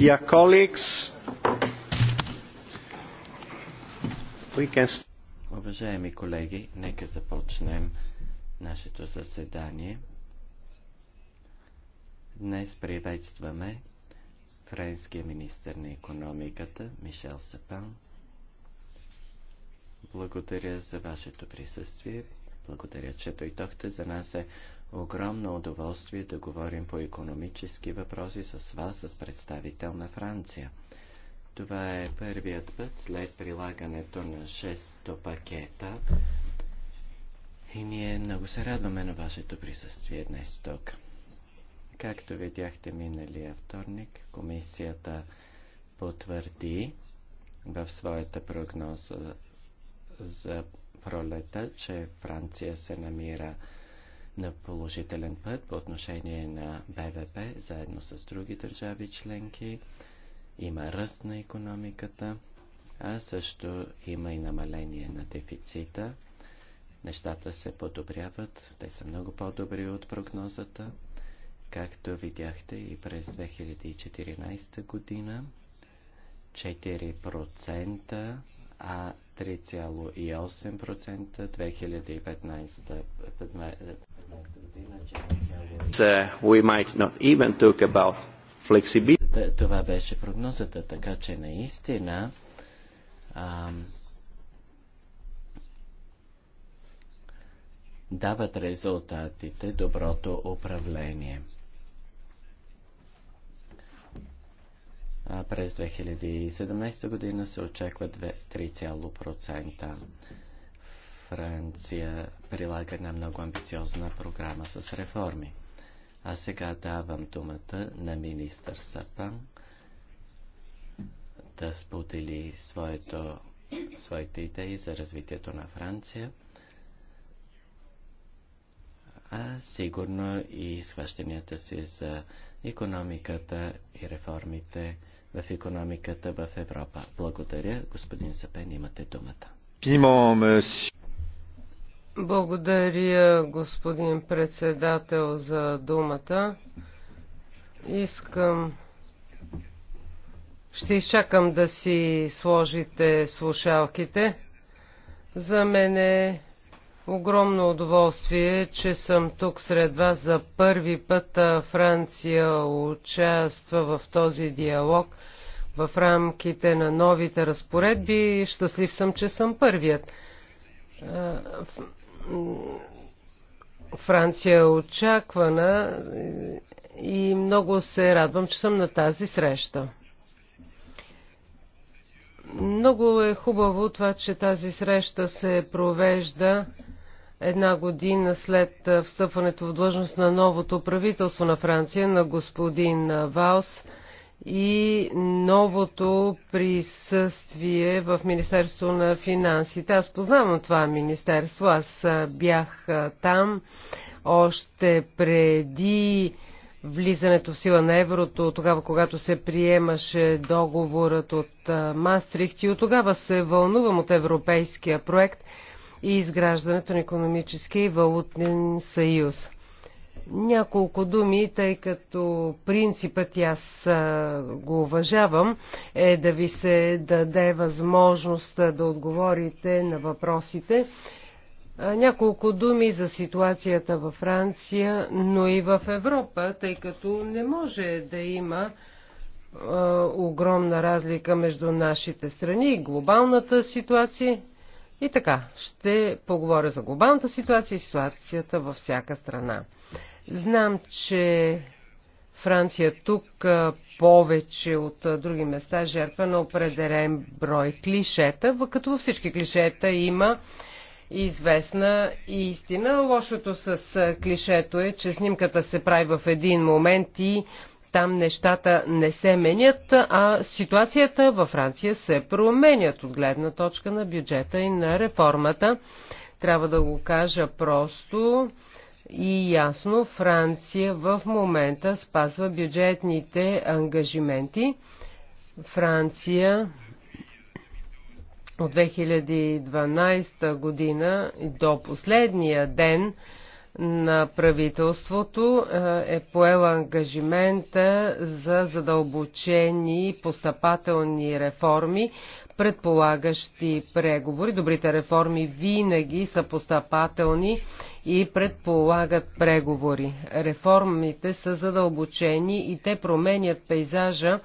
Dear colleagues, we can... Уважаеми колеги, нека започнем нашето заседание. Днес приветстваме френския министр на економиката Мишел Сапан. Благодаря за вашето присъствие. Благодаря, че дойдохте. За нас е огромно удоволствие да говорим по економически въпроси с вас, с представител на Франция. Това е първият път след прилагането на шесто пакета. И ние много се радваме на вашето присъствие днес тук. Както видяхте миналия вторник, комисията потвърди в своята прогноза за пролета, че Франция се намира на положителен път по отношение на БВП, заедно с други държави членки. Има ръст на економиката, а също има и намаление на дефицита. Нещата се подобряват, те са много по-добри от прогнозата. Както видяхте и през 2014 година, 4% а 3,8% 2015 година. Това беше прогнозата, така че наистина дават резултатите доброто управление. През 2017 година се очаква 3,0%. Франция прилага една много амбициозна програма с реформи. А сега давам думата на министър Сапан да сподели своето, своите идеи за развитието на Франция, а сигурно и схващанията си за економиката и реформите в економиката в Европа. Благодаря. Господин Сапен, имате думата. Благодаря, господин председател, за думата. Искам. Ще изчакам да си сложите слушалките. За мен е Огромно удоволствие, че съм тук сред вас за първи път. Франция участва в този диалог в рамките на новите разпоредби. Щастлив съм, че съм първият. Франция е очаквана и много се радвам, че съм на тази среща. Много е хубаво това, че тази среща се провежда една година след встъпването в длъжност на новото правителство на Франция, на господин Ваус и новото присъствие в Министерство на финансите. Аз познавам това министерство. Аз бях там още преди влизането в сила на еврото, тогава когато се приемаше договорът от Мастрихт и от тогава се вълнувам от европейския проект – и изграждането на економически и валутен съюз. Няколко думи, тъй като принципът и аз го уважавам, е да ви се даде възможност да отговорите на въпросите. Няколко думи за ситуацията във Франция, но и в Европа, тъй като не може да има огромна разлика между нашите страни и глобалната ситуация и така, ще поговоря за глобалната ситуация и ситуацията във всяка страна. Знам, че Франция е тук повече от други места е жертва на определен брой клишета, като във всички клишета има известна истина. Лошото с клишето е, че снимката се прави в един момент и там нещата не се менят, а ситуацията във Франция се променят от гледна точка на бюджета и на реформата. Трябва да го кажа просто и ясно. Франция в момента спазва бюджетните ангажименти. Франция от 2012 година до последния ден на правителството е, е поела ангажимента за задълбочени постъпателни реформи, предполагащи преговори. Добрите реформи винаги са постъпателни и предполагат преговори. Реформите са задълбочени и те променят пейзажа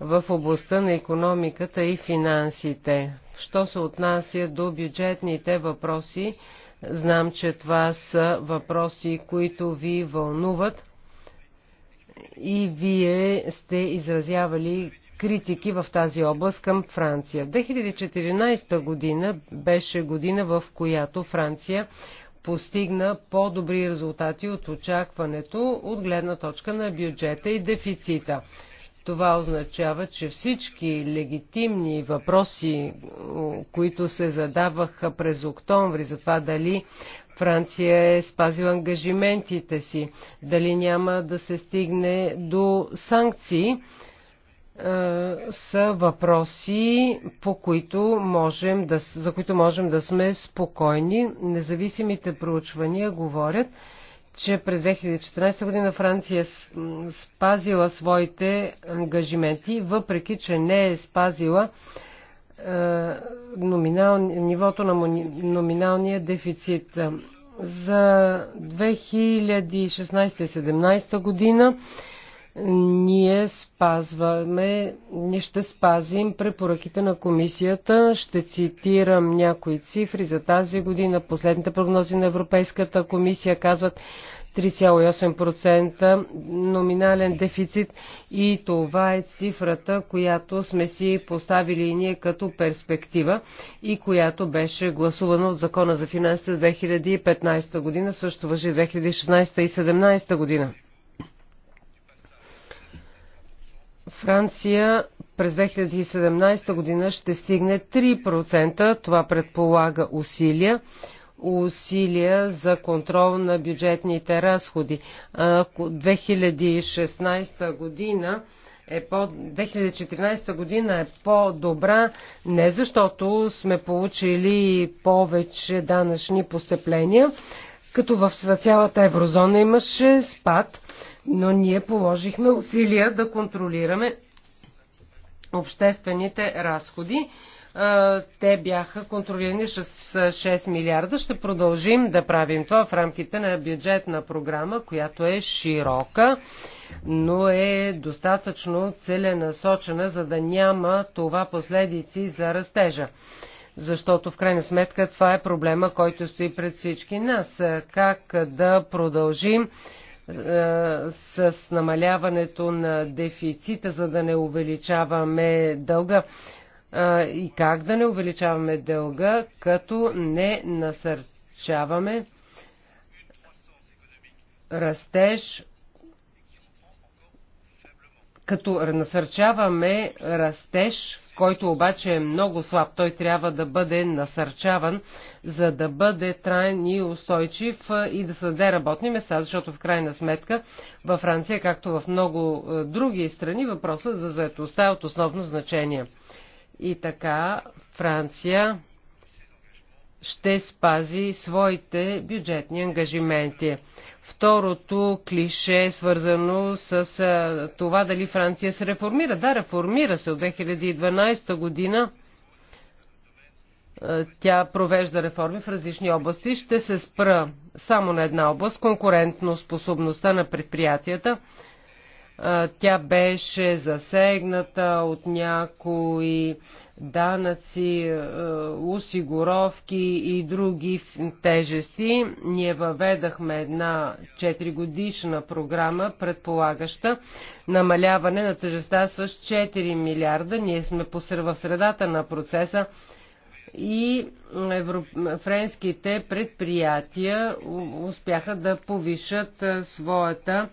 в областта на економиката и финансите. Що се отнася до бюджетните въпроси, Знам, че това са въпроси, които ви вълнуват и вие сте изразявали критики в тази област към Франция. 2014 година беше година, в която Франция постигна по-добри резултати от очакването от гледна точка на бюджета и дефицита. Това означава, че всички легитимни въпроси, които се задаваха през октомври за това дали Франция е спазила ангажиментите си, дали няма да се стигне до санкции, е, са въпроси, по които можем да, за които можем да сме спокойни. Независимите проучвания говорят, че през 2014 година Франция спазила своите ангажименти, въпреки че не е спазила е, номинал, нивото на номиналния дефицит. За 2016-2017 година ние спазваме, ние ще спазим препоръките на комисията. Ще цитирам някои цифри за тази година. Последните прогнози на Европейската комисия казват 3,8% номинален дефицит и това е цифрата, която сме си поставили и ние като перспектива и която беше гласувана от Закона за финансите с 2015 година, също въжи 2016 и 2017 година. Франция през 2017 година ще стигне 3%. Това предполага усилия усилия за контрол на бюджетните разходи. 2016 година е по, 2014 година е по-добра не защото сме получили повече данъчни постъпления, като в цялата еврозона имаше спад, но ние положихме усилия да контролираме обществените разходи. Те бяха контролирани с 6 милиарда. Ще продължим да правим това в рамките на бюджетна програма, която е широка, но е достатъчно целенасочена, за да няма това последици за растежа защото в крайна сметка това е проблема, който стои пред всички нас. Как да продължим е, с намаляването на дефицита, за да не увеличаваме дълга. Е, и как да не увеличаваме дълга, като не насърчаваме растеж, като насърчаваме растеж, който обаче е много слаб. Той трябва да бъде насърчаван, за да бъде траен и устойчив и да създаде работни места, защото в крайна сметка във Франция, както в много други страни, въпросът за заедостта е от основно значение. И така Франция ще спази своите бюджетни ангажименти. Второто клише е свързано с това дали Франция се реформира. Да, реформира се от 2012 година. Тя провежда реформи в различни области. Ще се спра само на една област – конкурентно способността на предприятията. Тя беше засегната от някои данъци, осигуровки и други тежести. Ние въведахме една 4 годишна програма, предполагаща намаляване на тежеста с 4 милиарда. Ние сме в средата на процеса и френските предприятия успяха да повишат своята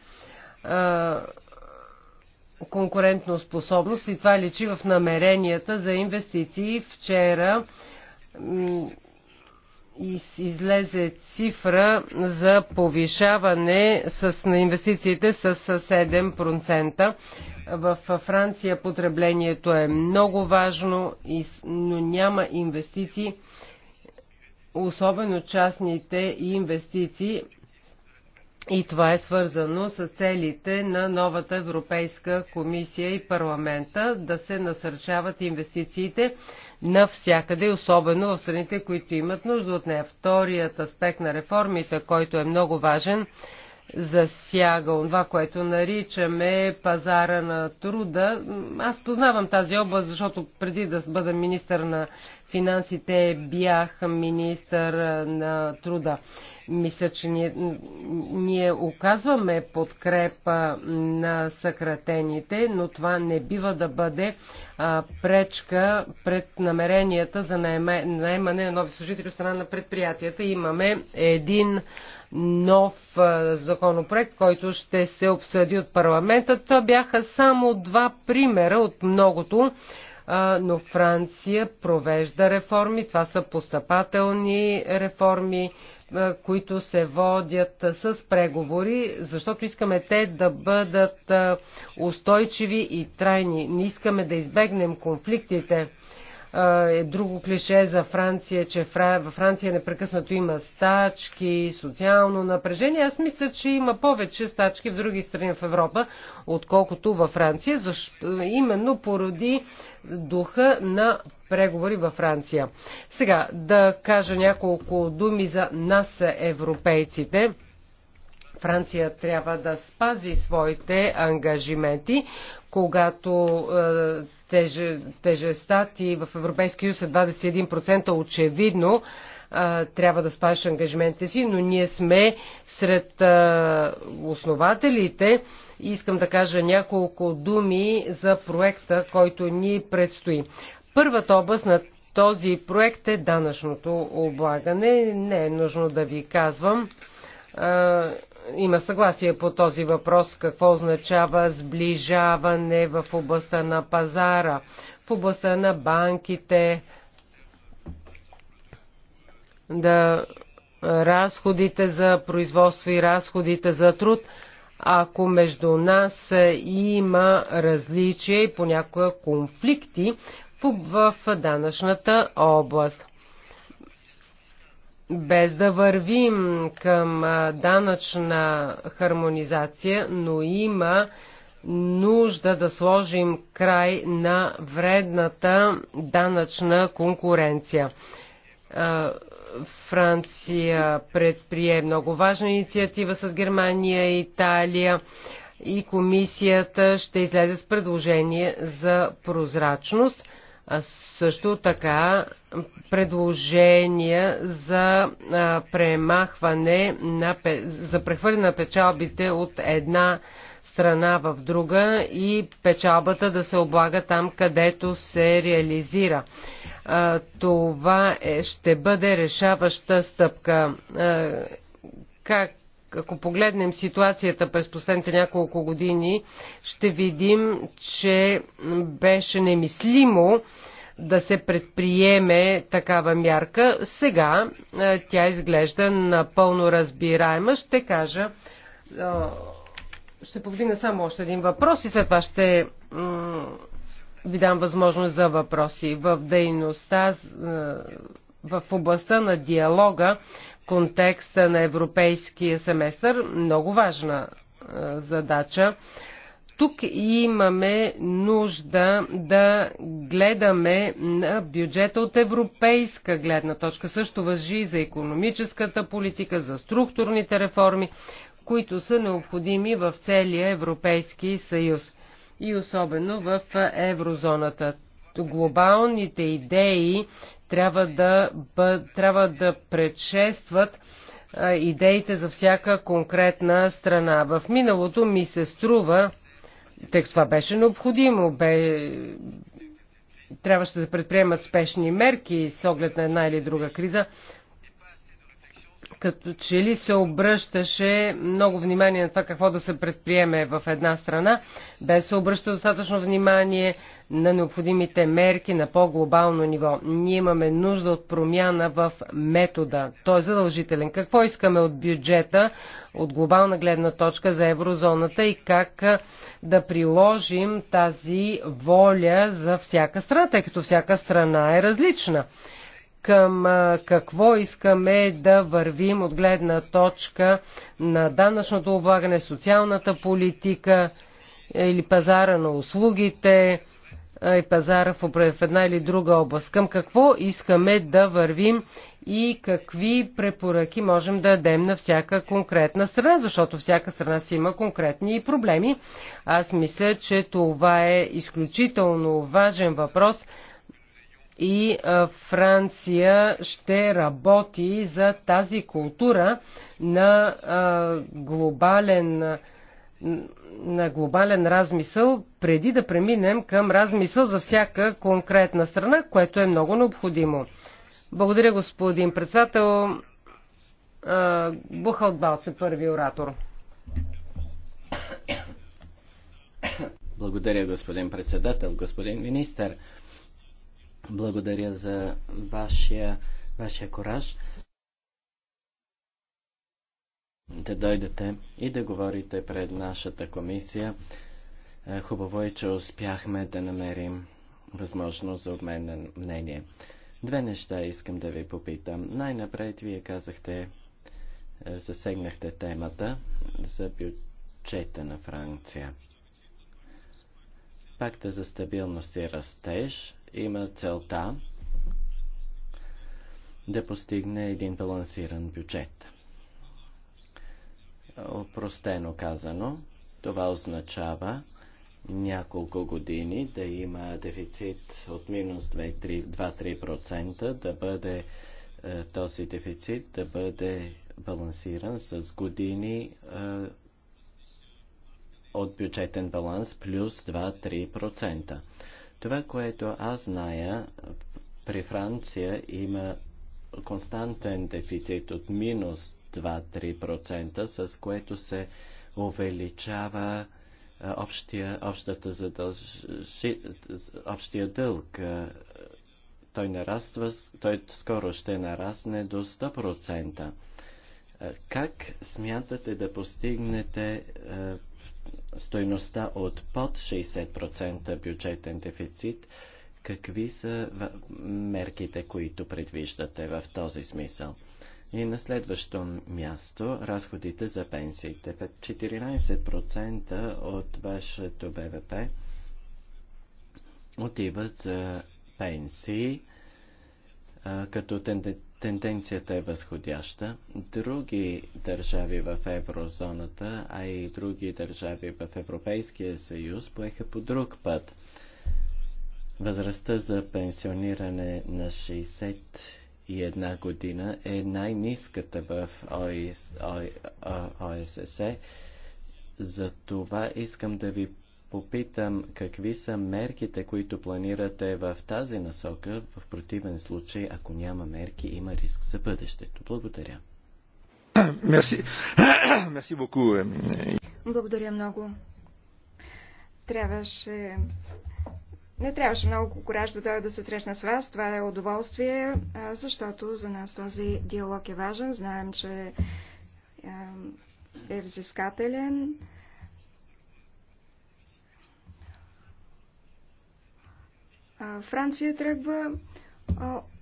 конкурентно способност и това личи в намеренията за инвестиции. Вчера излезе цифра за повишаване с, на инвестициите с 7%. В Франция потреблението е много важно, но няма инвестиции, особено частните инвестиции. И това е свързано с целите на новата Европейска комисия и парламента да се насърчават инвестициите навсякъде, особено в страните, които имат нужда от нея. Вторият аспект на реформите, който е много важен, засяга това, което наричаме пазара на труда. Аз познавам тази област, защото преди да бъда министър на финансите бях министър на труда. Мисля, че ние, ние оказваме подкрепа на съкратените, но това не бива да бъде а, пречка пред намеренията за наемане на нови служители от страна на предприятията. Имаме един нов законопроект, който ще се обсъди от парламента. Това бяха само два примера от многото, но Франция провежда реформи. Това са постъпателни реформи които се водят с преговори, защото искаме те да бъдат устойчиви и трайни. Не искаме да избегнем конфликтите е друго клише за Франция, че във Франция непрекъснато има стачки, социално напрежение. Аз мисля, че има повече стачки в други страни в Европа, отколкото във Франция, защо, именно поради духа на преговори във Франция. Сега да кажа няколко думи за нас, европейците. Франция трябва да спази своите ангажименти, когато е, тежестта ти в Европейския съюз е 21%, очевидно е, трябва да спазиш ангажиментите си, но ние сме сред е, основателите. Искам да кажа няколко думи за проекта, който ни предстои. Първата област на този проект е данъчното облагане. Не е нужно да ви казвам има съгласие по този въпрос, какво означава сближаване в областта на пазара, в областта на банките, да разходите за производство и разходите за труд, ако между нас има различия и понякога конфликти в, данъчната област без да вървим към данъчна хармонизация, но има нужда да сложим край на вредната данъчна конкуренция. Франция предприе много важна инициатива с Германия и Италия и комисията ще излезе с предложение за прозрачност – също така предложения за премахване на, за прехвърляне на печалбите от една страна в друга и печалбата да се облага там, където се реализира. това е, ще бъде решаваща стъпка. как ако погледнем ситуацията през последните няколко години, ще видим, че беше немислимо да се предприеме такава мярка. Сега е, тя изглежда напълно разбираема. Ще кажа, е, ще повдигна само още един въпрос и след това ще ви дам възможност за въпроси. В дейността е, в областта на диалога контекста на европейския семестър. Много важна задача. Тук имаме нужда да гледаме на бюджета от европейска гледна точка. Също въжи за економическата политика, за структурните реформи, които са необходими в целия Европейски съюз и особено в еврозоната. Глобалните идеи трябва да, бъ, трябва да предшестват идеите за всяка конкретна страна. В миналото ми се струва, тъй като това беше необходимо, бе, трябваше да се предприемат спешни мерки с оглед на една или друга криза, като че ли се обръщаше много внимание на това какво да се предприеме в една страна, без се обръща достатъчно внимание на необходимите мерки на по-глобално ниво. Ние имаме нужда от промяна в метода. Той е задължителен. Какво искаме от бюджета, от глобална гледна точка за еврозоната и как да приложим тази воля за всяка страна, тъй като всяка страна е различна към какво искаме да вървим от гледна точка на данъчното облагане, социалната политика или пазара на услугите и пазара в една или друга област. Към какво искаме да вървим и какви препоръки можем да дадем на всяка конкретна страна, защото всяка страна си има конкретни проблеми. Аз мисля, че това е изключително важен въпрос, и Франция ще работи за тази култура на глобален на глобален размисъл, преди да преминем към размисъл за всяка конкретна страна, което е много необходимо. Благодаря, господин председател. Бухалбалц е първи оратор. Благодаря, господин председател, господин министър. Благодаря за вашия, вашия кораж да дойдете и да говорите пред нашата комисия. Е, хубаво е, че успяхме да намерим възможност за обмен на мнение. Две неща искам да ви попитам. Най-напред вие казахте, е, засегнахте темата за бюджета на Франция. Пакта за стабилност и растеж има целта да постигне един балансиран бюджет. Опростено казано, това означава няколко години да има дефицит от минус 2-3%, да бъде е, този дефицит да бъде балансиран с години е, от бюджетен баланс плюс 2-3%. Това, което аз зная, при Франция има константен дефицит от минус 2-3%, с което се увеличава общия, общата задълж... общия дълг. Той нараства, той скоро ще нарасне до 100%. Как смятате да постигнете стойността от под 60% бюджетен дефицит, какви са мерките, които предвиждате в този смисъл? И на следващо място разходите за пенсиите. 14% от вашето БВП отиват за пенсии, като тенден... Тенденцията е възходяща. Други държави в еврозоната, а и други държави в Европейския съюз поеха по друг път. Възрастта за пенсиониране на 61 година е най-низката в ОССЕ. За това искам да ви попитам какви са мерките, които планирате в тази насока. В противен случай, ако няма мерки, има риск за бъдещето. Благодаря. Мерси. Мерси боку. Благодаря много. Трябваше... Не трябваше много кораж да дойда да се срещна с вас. Това е удоволствие, защото за нас този диалог е важен. Знаем, че е взискателен. Франция тръгва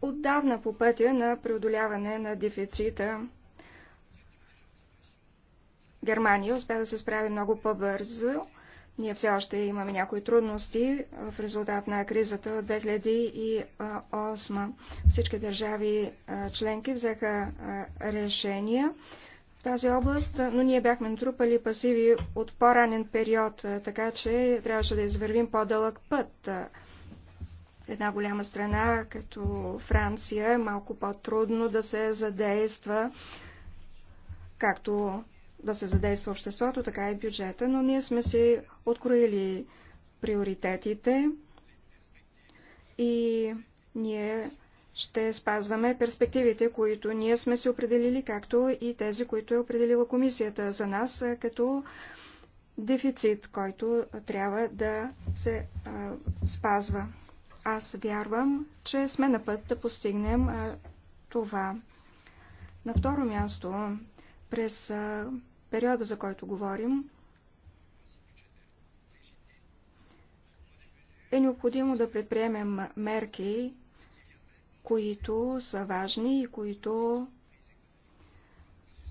отдавна по пътя на преодоляване на дефицита. Германия успя да се справи много по-бързо. Ние все още имаме някои трудности в резултат на кризата от 2008. Всички държави членки взеха решения в тази област, но ние бяхме натрупали пасиви от по-ранен период, така че трябваше да извървим по-дълъг път в една голяма страна, като Франция, е малко по-трудно да се задейства, както да се задейства обществото, така и бюджета, но ние сме си откроили приоритетите и ние ще спазваме перспективите, които ние сме се определили, както и тези, които е определила комисията за нас, е, като дефицит, който трябва да се а, спазва. Аз вярвам, че сме на път да постигнем това. На второ място, през периода, за който говорим, е необходимо да предприемем мерки, които са важни и които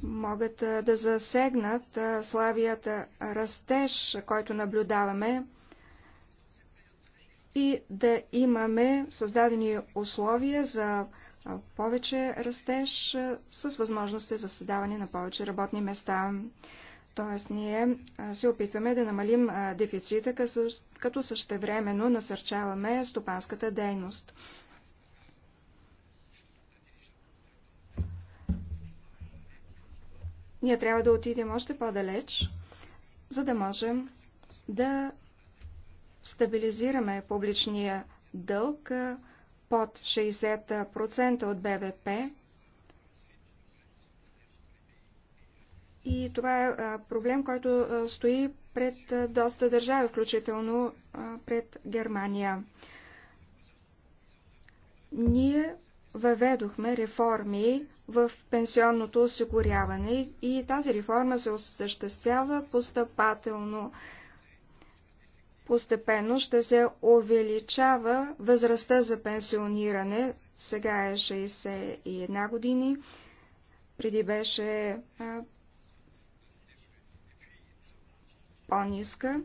могат да засегнат славията растеж, който наблюдаваме и да имаме създадени условия за повече растеж с възможности за създаване на повече работни места. Тоест ние се опитваме да намалим дефицита, като същевременно насърчаваме стопанската дейност. Ние трябва да отидем още по-далеч, за да можем да стабилизираме публичния дълг под 60% от БВП. И това е проблем, който стои пред доста държави, включително пред Германия. Ние въведохме реформи в пенсионното осигуряване и тази реформа се осъществява постъпателно постепенно ще се увеличава възрастта за пенсиониране. Сега е 61 години, преди беше по-ниска.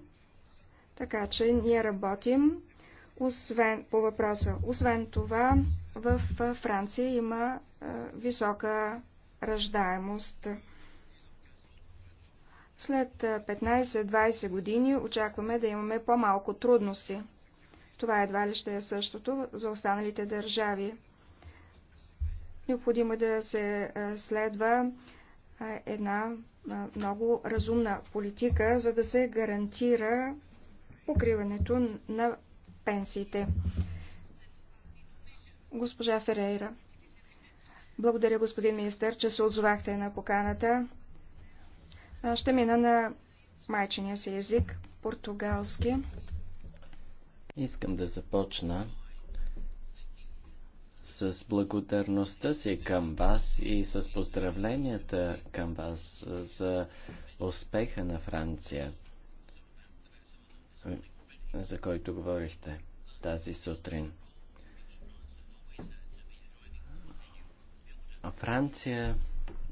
Така че ние работим освен, по въпроса. Освен това, в Франция има а, висока раждаемост. След 15-20 години очакваме да имаме по-малко трудности. Това едва ли ще е същото за останалите държави. Необходимо е да се следва една много разумна политика, за да се гарантира покриването на пенсиите. Госпожа Ферейра. Благодаря, господин министър, че се отзовахте на поканата. Ще мина на майчиния си език, португалски. Искам да започна с благодарността си към вас и с поздравленията към вас за успеха на Франция, за който говорихте тази сутрин. Франция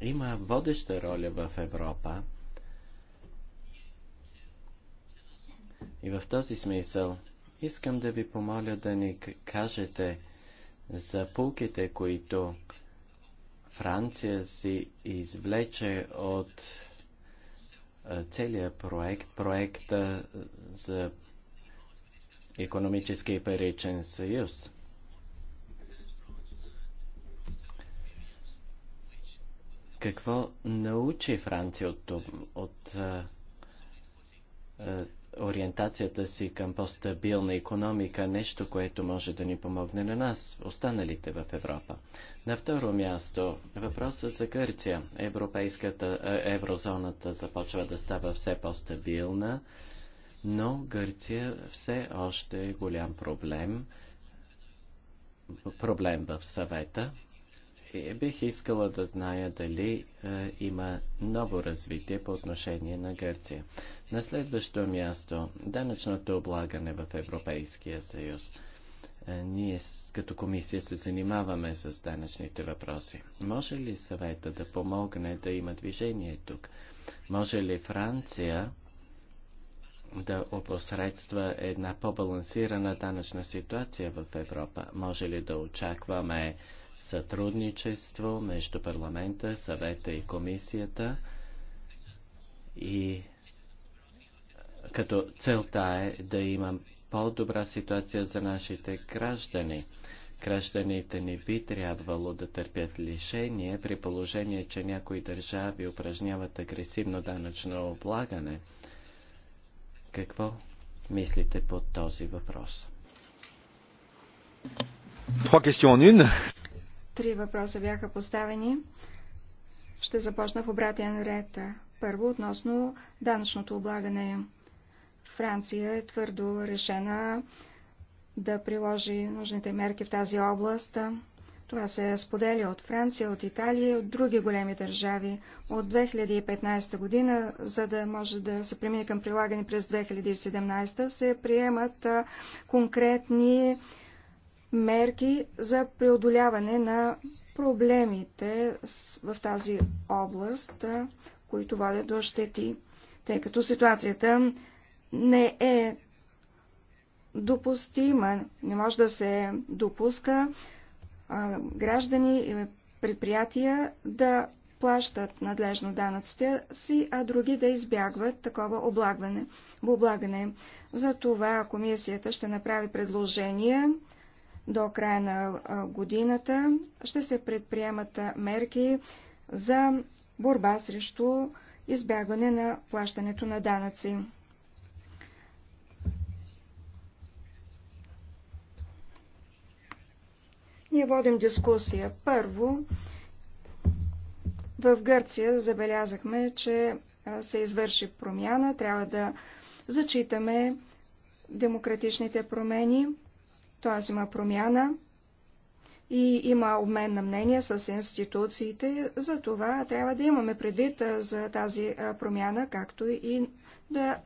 има водеща роля в Европа И в този смисъл искам да ви помоля да ни кажете за пулките, които Франция си извлече от целият проект, проекта за економически и паричен съюз. Какво научи Франция от, от, от ориентацията си към по-стабилна економика нещо, което може да ни помогне на нас, останалите в Европа. На второ място, въпросът за Гърция. Европейската е, еврозоната започва да става все по-стабилна, но Гърция все още е голям проблем. Проблем в съвета. Е, бих искала да зная дали е, има ново развитие по отношение на Гърция. На следващо място, данъчното облагане в Европейския съюз. Е, ние като комисия се занимаваме с данъчните въпроси. Може ли съвета да помогне да има движение тук? Може ли Франция да опосредства една по-балансирана данъчна ситуация в Европа? Може ли да очакваме сътрудничество между парламента, съвета и комисията и като целта е да имам по-добра ситуация за нашите граждани. Гражданите не би трябвало да търпят лишение при положение, че някои държави упражняват агресивно данъчно облагане. Какво мислите по този въпрос? Три въпроса бяха поставени. Ще започна в обратен ред. Първо, относно данъчното облагане. Франция е твърдо решена да приложи нужните мерки в тази област. Това се споделя от Франция, от Италия и от други големи държави от 2015 година, за да може да се премине към прилагане през 2017, се приемат конкретни мерки за преодоляване на проблемите в тази област, които водят до щети, тъй като ситуацията не е допустима, не може да се допуска а, граждани и предприятия да плащат надлежно данъците си, а други да избягват такова облагане. За това комисията ще направи предложение до края на годината ще се предприемат мерки за борба срещу избягване на плащането на данъци. Ние водим дискусия. Първо, в Гърция забелязахме, че се извърши промяна. Трябва да зачитаме демократичните промени т.е. има промяна и има обмен на мнения с институциите, за това трябва да имаме предвид за тази промяна, както и да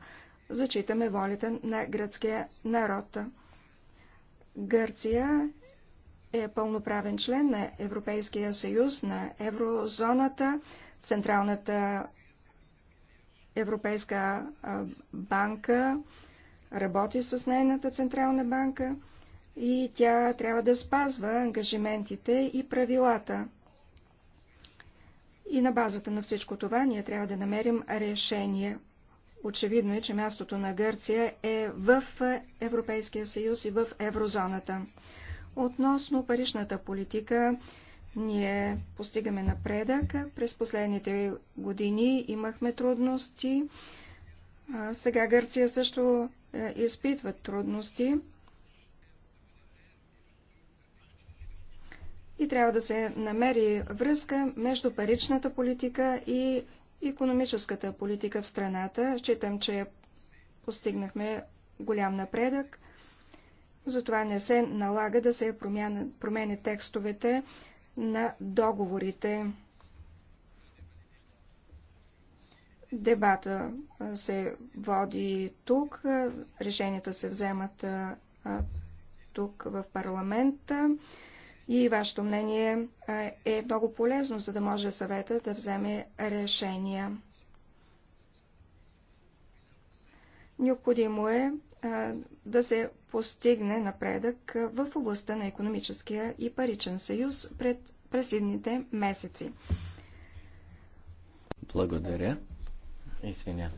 зачитаме волята на гръцкия народ. Гърция е пълноправен член на Европейския съюз, на еврозоната, Централната Европейска банка работи с нейната Централна банка и тя трябва да спазва ангажиментите и правилата. И на базата на всичко това ние трябва да намерим решение. Очевидно е, че мястото на Гърция е в Европейския съюз и в еврозоната. Относно паричната политика, ние постигаме напредък. През последните години имахме трудности. Сега Гърция също е, изпитва трудности. и трябва да се намери връзка между паричната политика и економическата политика в страната. Считам, че постигнахме голям напредък. Затова не се налага да се промени текстовете на договорите. Дебата се води тук, решенията се вземат тук в парламента и вашето мнение е много полезно, за да може съвета да вземе решения. Необходимо е да се постигне напредък в областта на економическия и паричен съюз пред пресидните месеци. Благодаря. Извиня.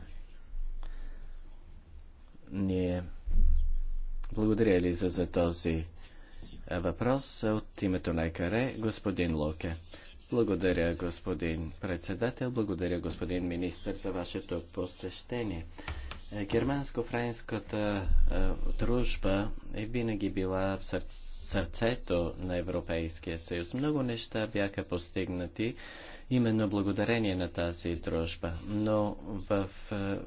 Ние благодаря Лиза за този въпрос от името на ЕКАРЕ, господин Локе. Благодаря, господин председател, благодаря, господин министр, за вашето посещение. Германско-френската е, дружба е винаги била в сърцето на Европейския съюз. Много неща бяха постигнати именно благодарение на тази дружба. Но в е,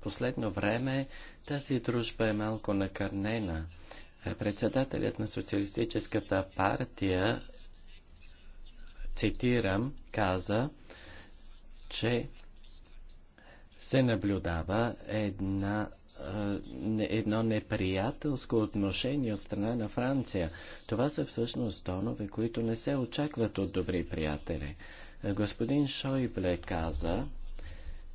последно време тази дружба е малко накърнена. Председателят на Социалистическата партия, цитирам, каза, че се наблюдава една е, едно неприятелско отношение от страна на Франция. Това са всъщност тонове, които не се очакват от добри приятели. Господин Шойбле каза,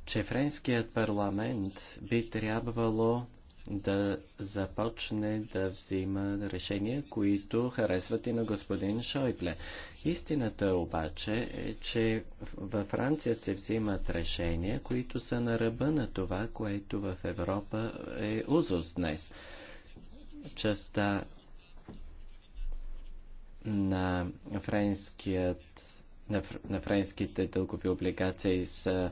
че френският парламент би трябвало да започне да взима решения, които харесват и на господин Шойбле. Истината обаче е, че във Франция се взимат решения, които са на ръба на това, което в Европа е узус днес. Частта на, френският, на френските дългови облигации са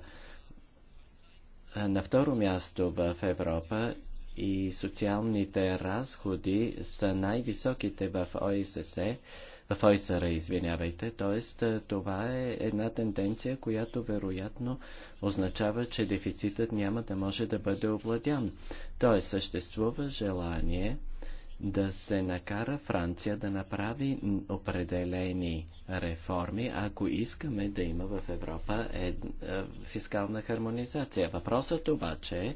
на второ място в Европа и социалните разходи са най-високите в ОСС, в ОСР, извинявайте. Тоест, е, това е една тенденция, която вероятно означава, че дефицитът няма да може да бъде овладян. Тоест, съществува желание да се накара Франция да направи определени реформи, ако искаме да има в Европа е, е, фискална хармонизация. Въпросът обаче е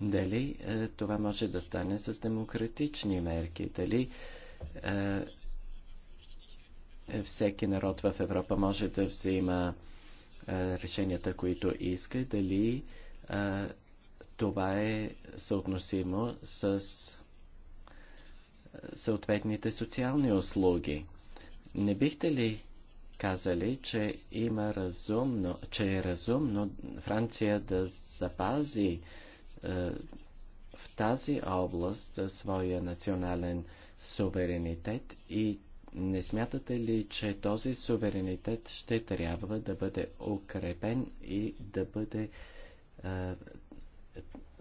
дали е, това може да стане с демократични мерки, дали е, всеки народ в Европа може да взима е, решенията, които иска, дали е, това е съотносимо с съответните социални услуги. Не бихте ли казали, че има разумно, че е разумно Франция да запази е, в тази област своя национален суверенитет и не смятате ли, че този суверенитет ще трябва да бъде укрепен и да бъде, е,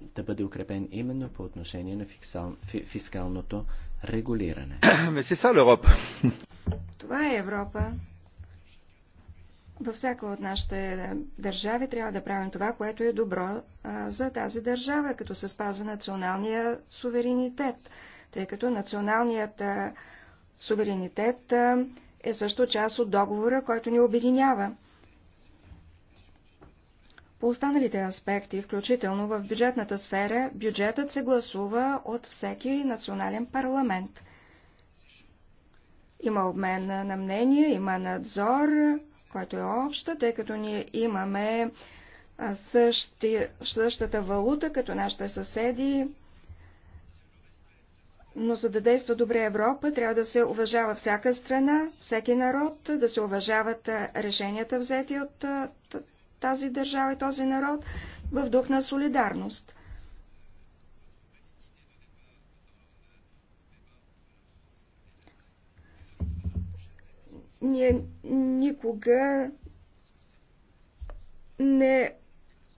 да бъде укрепен именно по отношение на фискал, фискалното регулиране. Това е Европа. Във всяка от нашите държави трябва да правим това, което е добро а, за тази държава, като се спазва националния суверенитет, тъй като националният а, суверенитет а, е също част от договора, който ни обединява. По останалите аспекти, включително в бюджетната сфера, бюджетът се гласува от всеки национален парламент. Има обмен на мнение, има надзор, който е общо, тъй като ние имаме същи, същата валута, като нашите съседи. Но за да действа добре Европа, трябва да се уважава всяка страна, всеки народ, да се уважават решенията взети от тази държава и този народ в дух на солидарност. Ние никога не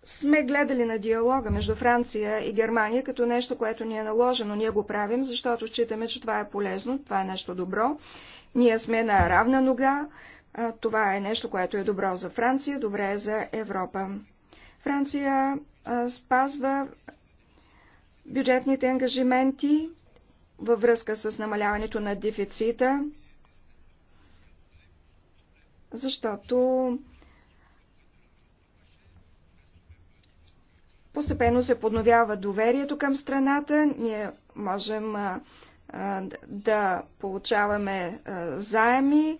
сме гледали на диалога между Франция и Германия като нещо, което ни е наложено. Ние го правим, защото считаме, че това е полезно, това е нещо добро. Ние сме на равна нога, това е нещо, което е добро за Франция, добре е за Европа. Франция спазва бюджетните ангажименти във връзка с намаляването на дефицита, защото постепенно се подновява доверието към страната. Ние можем да получаваме заеми,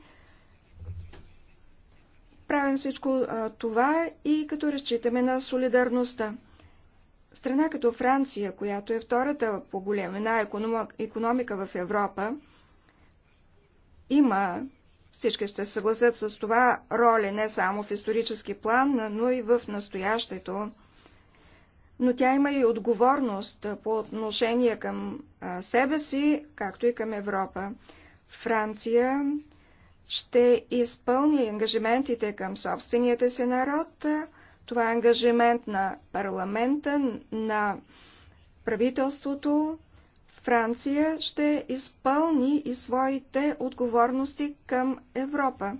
правим всичко това и като разчитаме на солидарността. Страна като Франция, която е втората по големина економика в Европа, има, всички ще съгласят с това, роля не само в исторически план, но и в настоящето. Но тя има и отговорност по отношение към себе си, както и към Европа. Франция ще изпълни ангажиментите към собствените си народ. Това е ангажимент на парламента, на правителството. Франция ще изпълни и своите отговорности към Европа.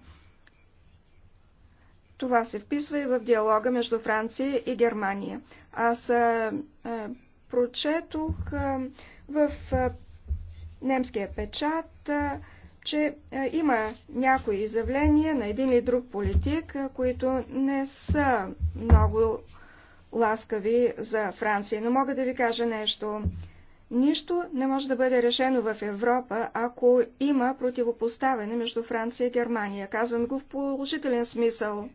Това се вписва и в диалога между Франция и Германия. Аз а, а, прочетох а, в а, немския печат а, че е, има някои изявления на един или друг политик, е, които не са много ласкави за Франция. Но мога да ви кажа нещо. Нищо не може да бъде решено в Европа, ако има противопоставяне между Франция и Германия. Казвам го в положителен смисъл.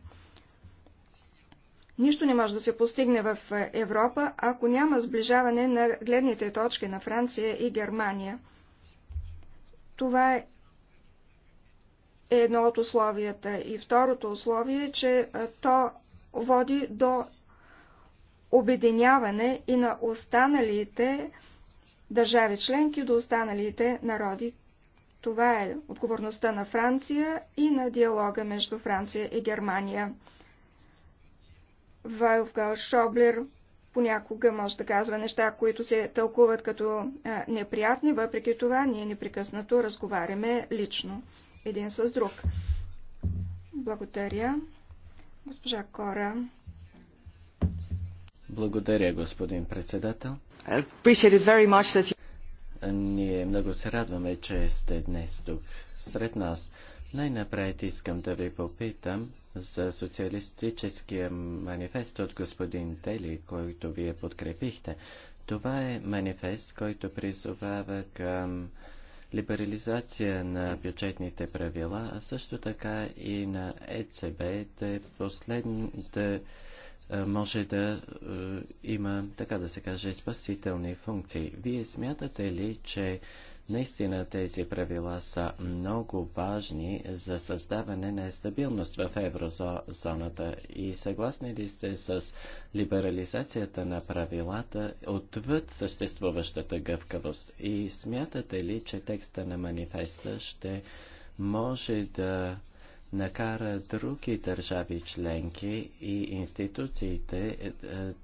Нищо не може да се постигне в Европа, ако няма сближаване на гледните точки на Франция и Германия. Това е е едно от условията. И второто условие е, че то води до обединяване и на останалите държави членки, до останалите народи. Това е отговорността на Франция и на диалога между Франция и Германия. Вайлфгал Шоблер понякога може да казва неща, които се тълкуват като неприятни, въпреки това ние непрекъснато разговаряме лично един с друг. Благодаря. Госпожа Кора. Благодаря, господин председател. Ние много се радваме, че сте днес тук сред нас. Най-напред искам да ви попитам за социалистическия манифест от господин Тели, който вие подкрепихте. Това е манифест, който призовава към либерализация на бюджетните правила, а също така и на ЕЦБ да, последн, да може да има, така да се каже, спасителни функции. Вие смятате ли, че Наистина тези правила са много важни за създаване на стабилност в еврозоната и съгласни ли сте с либерализацията на правилата отвъд съществуващата гъвкавост? И смятате ли, че текста на манифеста ще може да накара други държави членки и институциите е,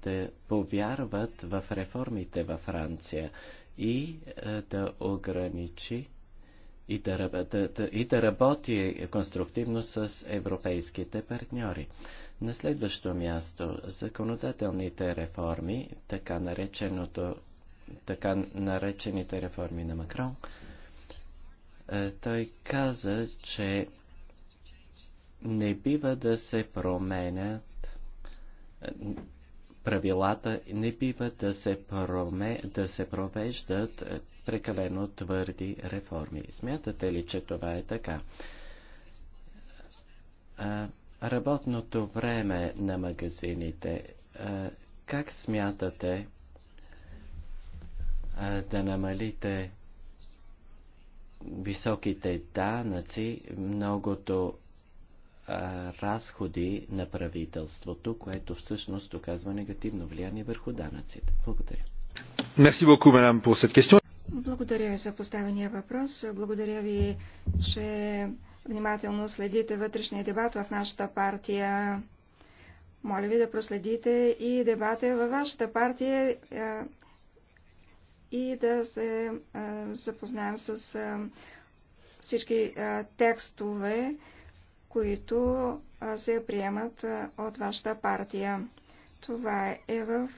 да повярват в реформите във Франция и е, да ограничи и да, да, да, и да работи конструктивно с европейските партньори. На следващо място, законодателните реформи, така, нареченото, така наречените реформи на Макрон, е, той каза, че не бива да се променят правилата не бива да се, проме, да се провеждат е, прекалено твърди реформи. Смятате ли, че това е така? работното време на магазините. как смятате да намалите високите данъци, многото а, разходи на правителството, което всъщност оказва негативно влияние върху данъците. Благодаря. Merci beaucoup, madame, pour cette question. Благодаря ви за поставения въпрос. Благодаря ви, че внимателно следите вътрешния дебат в нашата партия. Моля ви да проследите и дебата във вашата партия и да се запознаем с всички текстове, които се приемат от вашата партия. Това е в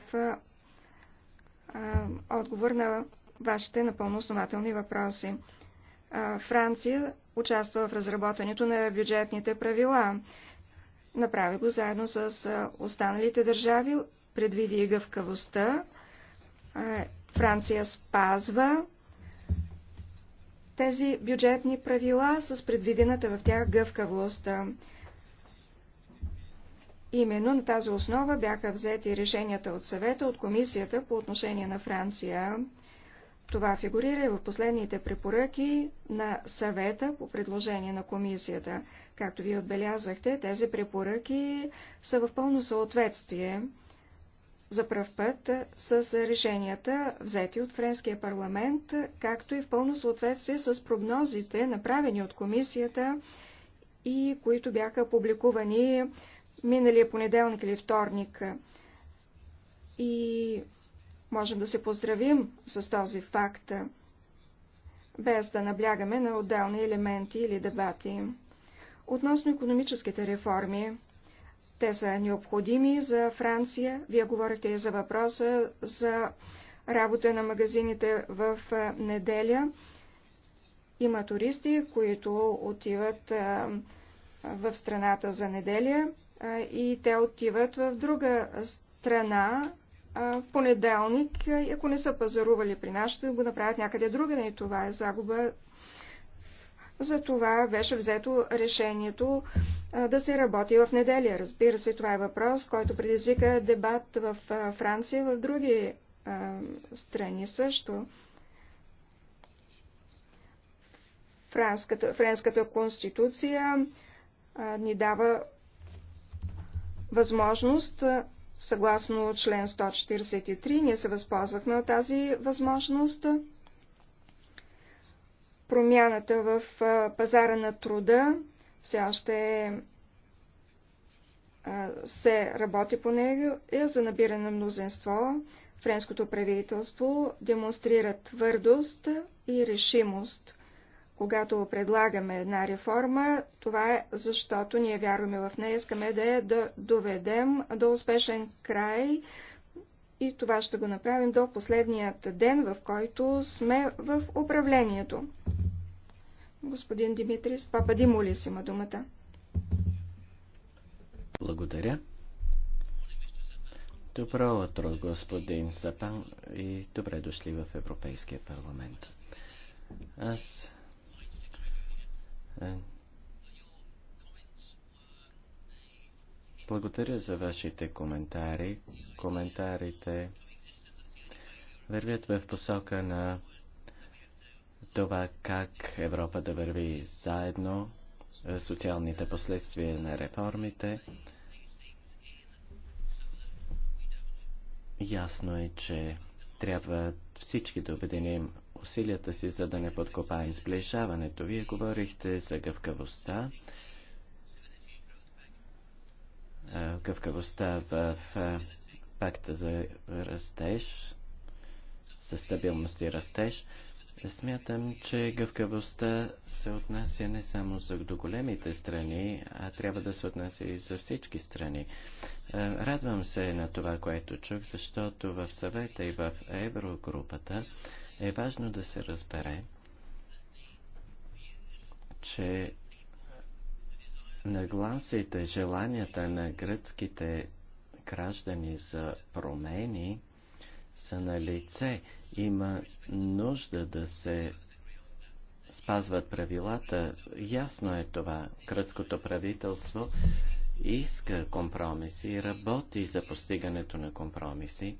отговор на вашите напълно основателни въпроси. Франция участва в разработването на бюджетните правила. Направи го заедно с останалите държави, предвиди и гъвкавостта. Франция спазва тези бюджетни правила с предвидената в тях гъвкавост. Именно на тази основа бяха взети решенията от съвета, от комисията по отношение на Франция. Това фигурира и в последните препоръки на съвета по предложение на комисията. Както ви отбелязахте, тези препоръки са в пълно съответствие за пръв път с решенията, взети от Френския парламент, както и в пълно съответствие с прогнозите, направени от комисията и които бяха публикувани миналия понеделник или вторник. И можем да се поздравим с този факт, без да наблягаме на отделни елементи или дебати. Относно економическите реформи, те са необходими за Франция. Вие говорите и за въпроса за работа на магазините в неделя. Има туристи, които отиват в страната за неделя и те отиват в друга страна в понеделник, ако не са пазарували при нас, го направят някъде друга, и това е загуба за това беше взето решението да се работи в неделя. Разбира се, това е въпрос, който предизвика дебат в Франция и в други страни също. Франската, Френската конституция ни дава възможност, съгласно член 143, ние се възползвахме от тази възможност. Промяната в пазара на труда все още се работи по нея за набиране на мнозинство. Френското правителство демонстрира твърдост и решимост. Когато предлагаме една реформа, това е защото ние вярваме в нея, искаме да я доведем до успешен край, и това ще го направим до последният ден, в който сме в управлението. Господин Димитрис Димулис има думата. Благодаря. Добро утро, господин Сапан, и добре дошли в Европейския парламент. Аз е, Благодаря за вашите коментари. Коментарите вървят в посока на това как Европа да върви заедно, е, социалните последствия на реформите. Ясно е, че трябва всички да обединим усилията си, за да не подкопаем сближаването. Вие говорихте за гъвкавостта. гъвкавостта в пакта за растеж, за стабилност и растеж, смятам, че гъвкавостта се отнася не само за до големите страни, а трябва да се отнася и за всички страни. Радвам се на това, което чух, защото в съвета и в еврогрупата е важно да се разбере, че нагласите, желанията на гръцките граждани за промени са на лице. Има нужда да се спазват правилата. Ясно е това. Кръцкото правителство иска компромиси, работи за постигането на компромиси.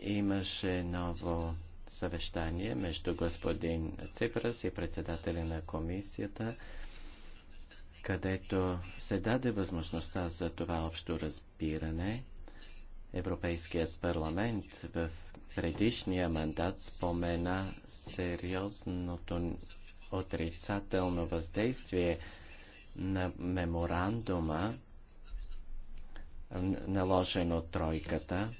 Имаше ново съвещание между господин Ципрас и председателя на комисията където се даде възможността за това общо разбиране. Европейският парламент в предишния мандат спомена сериозното отрицателно въздействие на меморандума, наложен от тройката,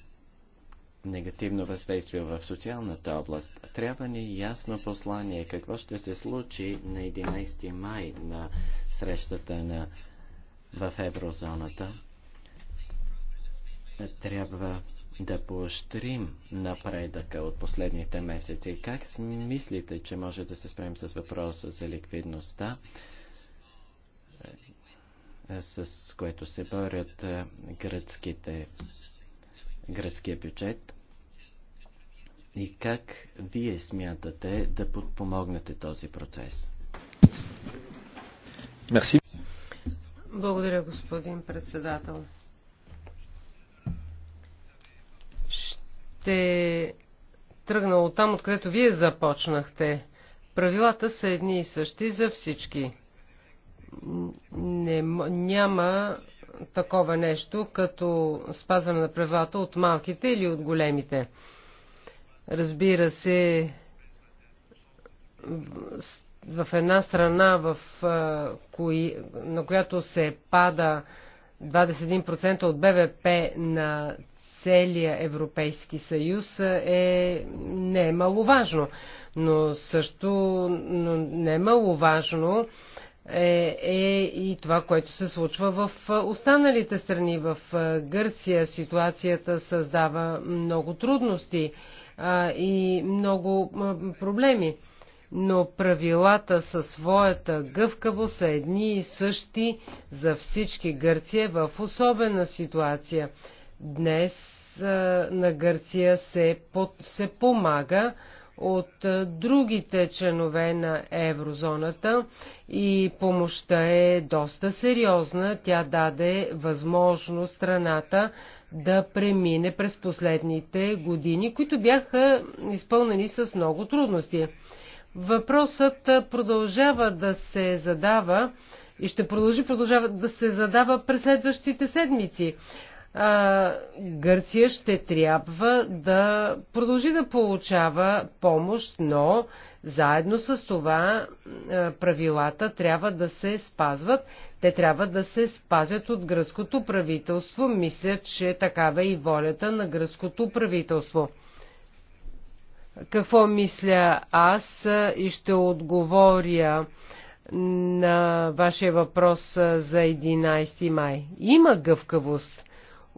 негативно въздействие в социалната област. Трябва ни ясно послание какво ще се случи на 11 май на срещата на, в еврозоната, трябва да поощрим напредъка от последните месеци. Как мислите, че може да се справим с въпроса за ликвидността, е, с което се борят е, гръцките, гръцкия бюджет? И как вие смятате да подпомогнете този процес? Мерси. Благодаря, господин председател. Ще тръгна от там, откъдето вие започнахте. Правилата са едни и същи за всички. Не, няма такова нещо, като спазване на правилата от малките или от големите. Разбира се, в една страна, в, кои, на която се пада 21% от БВП на целия Европейски съюз е не е маловажно, но също но не е маловажно е, е и това, което се случва в останалите страни. В Гърция ситуацията създава много трудности а, и много проблеми но правилата със своята гъвкавост са едни и същи за всички. Гърция е в особена ситуация. Днес на Гърция се, под, се помага от другите членове на еврозоната и помощта е доста сериозна. Тя даде възможност страната да премине през последните години, които бяха изпълнени с много трудности. Въпросът продължава да се задава и ще продължи продължава да се задава през следващите седмици. А, Гърция ще трябва да продължи да получава помощ, но заедно с това правилата трябва да се спазват. Те трябва да се спазят от гръцкото правителство. Мисля, че такава е и волята на гръцкото правителство какво мисля аз и ще отговоря на вашия въпрос за 11 май. Има гъвкавост.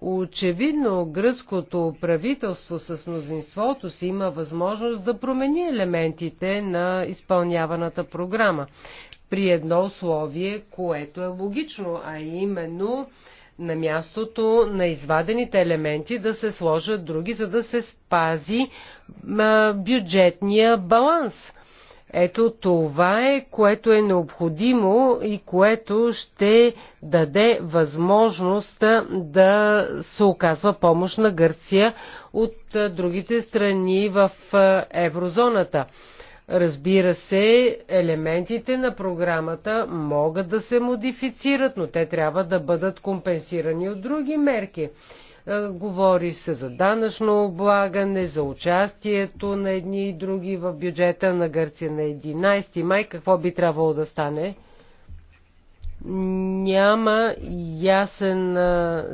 Очевидно, гръцкото правителство с мнозинството си има възможност да промени елементите на изпълняваната програма при едно условие, което е логично, а именно на мястото на извадените елементи да се сложат други, за да се спази бюджетния баланс. Ето това е, което е необходимо и което ще даде възможност да се оказва помощ на Гърция от другите страни в еврозоната. Разбира се, елементите на програмата могат да се модифицират, но те трябва да бъдат компенсирани от други мерки. Е, говори се за данъчно облагане, за участието на едни и други в бюджета на Гърция на 11 май. Какво би трябвало да стане? Няма ясен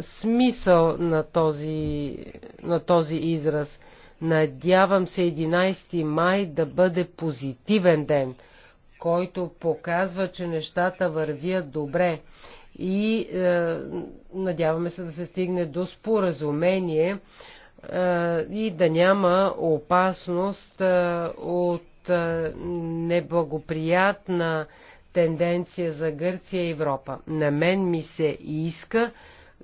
смисъл на този, на този израз – Надявам се 11 май да бъде позитивен ден, който показва, че нещата вървят добре и е, надяваме се да се стигне до споразумение е, и да няма опасност е, от е, неблагоприятна тенденция за Гърция и Европа. На мен ми се иска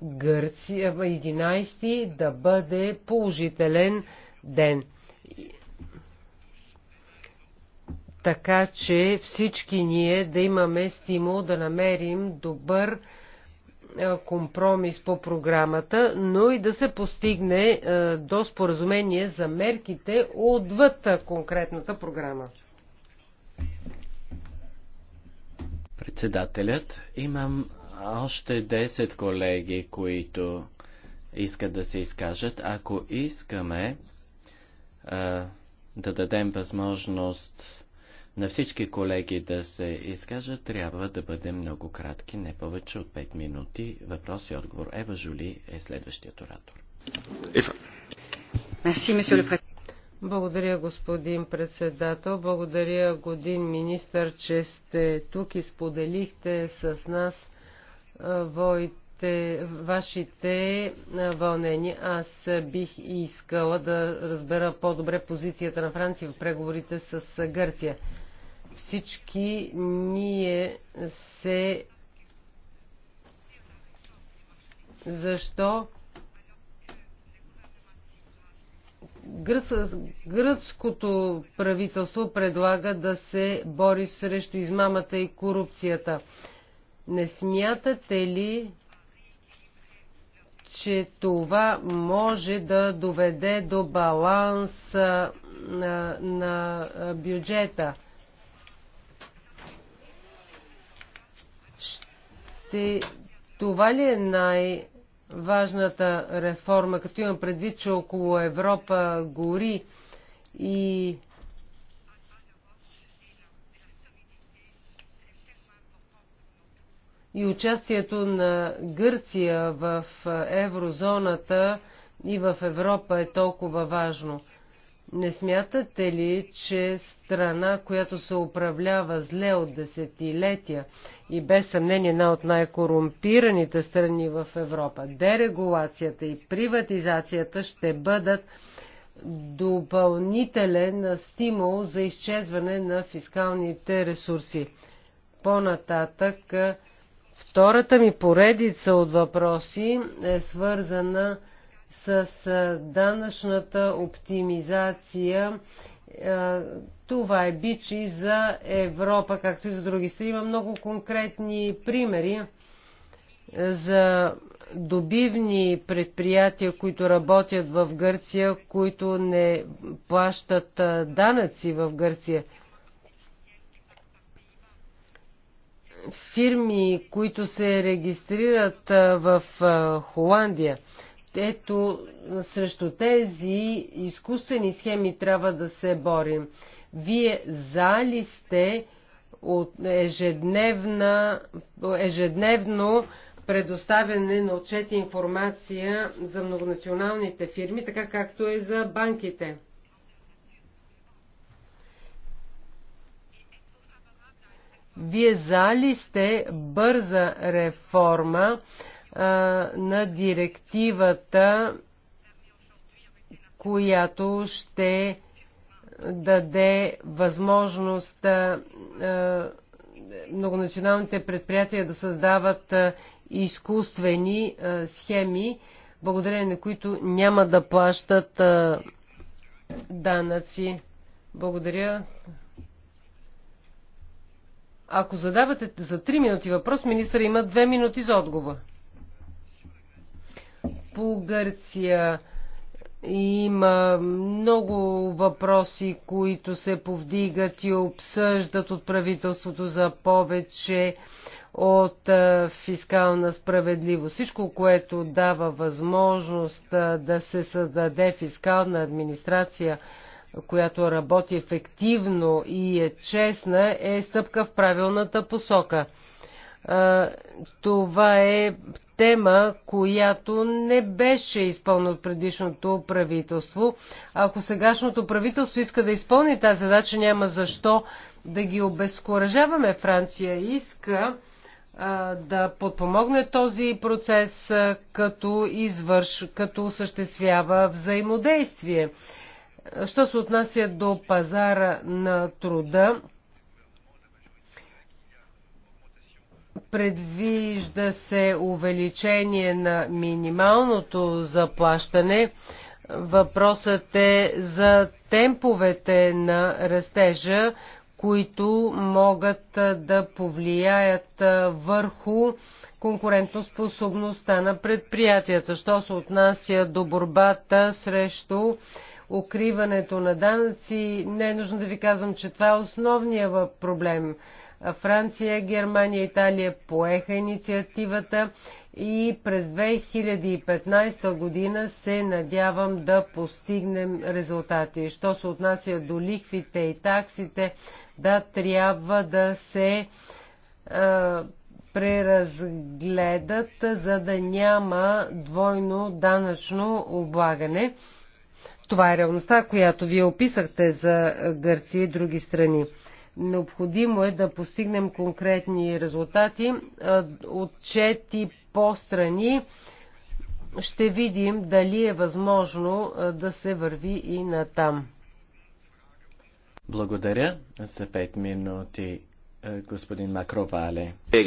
Гърция 11 да бъде положителен ден. Така че всички ние да имаме стимул да намерим добър компромис по програмата, но и да се постигне до споразумение за мерките отвъд конкретната програма. Председателят, имам още 10 колеги, които искат да се изкажат. Ако искаме да дадем възможност на всички колеги да се изкажат, трябва да бъдем много кратки, не повече от 5 минути. Въпрос и отговор. Ева Жули е следващият оратор. Благодаря, господин председател. Благодаря, господин министър, че сте тук и споделихте с нас вашите, вашите вълнения. Аз бих искала да разбера по-добре позицията на Франция в преговорите с Гърция. Всички ние се. Защо? гръцкото правителство предлага да се бори срещу измамата и корупцията. Не смятате ли, че това може да доведе до баланс на, на бюджета. Ще, това ли е най-важната реформа, като имам предвид, че около Европа гори и и участието на Гърция в еврозоната и в Европа е толкова важно. Не смятате ли, че страна, която се управлява зле от десетилетия и без съмнение една от най-корумпираните страни в Европа, дерегулацията и приватизацията ще бъдат допълнителен стимул за изчезване на фискалните ресурси? По-нататък Втората ми поредица от въпроси е свързана с данъчната оптимизация. Това е бичи за Европа, както и за други страни. Има много конкретни примери за добивни предприятия, които работят в Гърция, които не плащат данъци в Гърция. фирми, които се регистрират в Холандия. Ето, срещу тези изкуствени схеми трябва да се борим. Вие за ли сте от ежедневна, ежедневно предоставяне на отчет информация за многонационалните фирми, така както е за банките? Вие за ли сте бърза реформа а, на директивата, която ще даде възможност а, многонационалните предприятия да създават а, изкуствени а, схеми, благодарение на които няма да плащат а, данъци. Благодаря. Ако задавате за 3 минути въпрос, министър има 2 минути за отговор. По Гърция има много въпроси, които се повдигат и обсъждат от правителството за повече от фискална справедливост. Всичко, което дава възможност да се създаде фискална администрация – която работи ефективно и е честна, е стъпка в правилната посока. Това е тема, която не беше изпълнена от предишното правителство. Ако сегашното правителство иска да изпълни тази задача, няма защо да ги обезкуражаваме. Франция иска да подпомогне този процес, като извърш, като осъществява взаимодействие. Що се отнася до пазара на труда, предвижда се увеличение на минималното заплащане. Въпросът е за темповете на растежа, които могат да повлияят върху конкурентоспособността на предприятията. Що се отнася до борбата срещу укриването на данъци. Не е нужно да ви казвам, че това е основният проблем. Франция, Германия, Италия поеха инициативата и през 2015 година се надявам да постигнем резултати. Що се отнася до лихвите и таксите, да трябва да се преразгледат, за да няма двойно данъчно облагане. Това е реалността, която вие описахте за Гърция и други страни. Необходимо е да постигнем конкретни резултати. Отчети по страни ще видим дали е възможно да се върви и на там. Благодаря за 5 минути, господин Макровале. Е,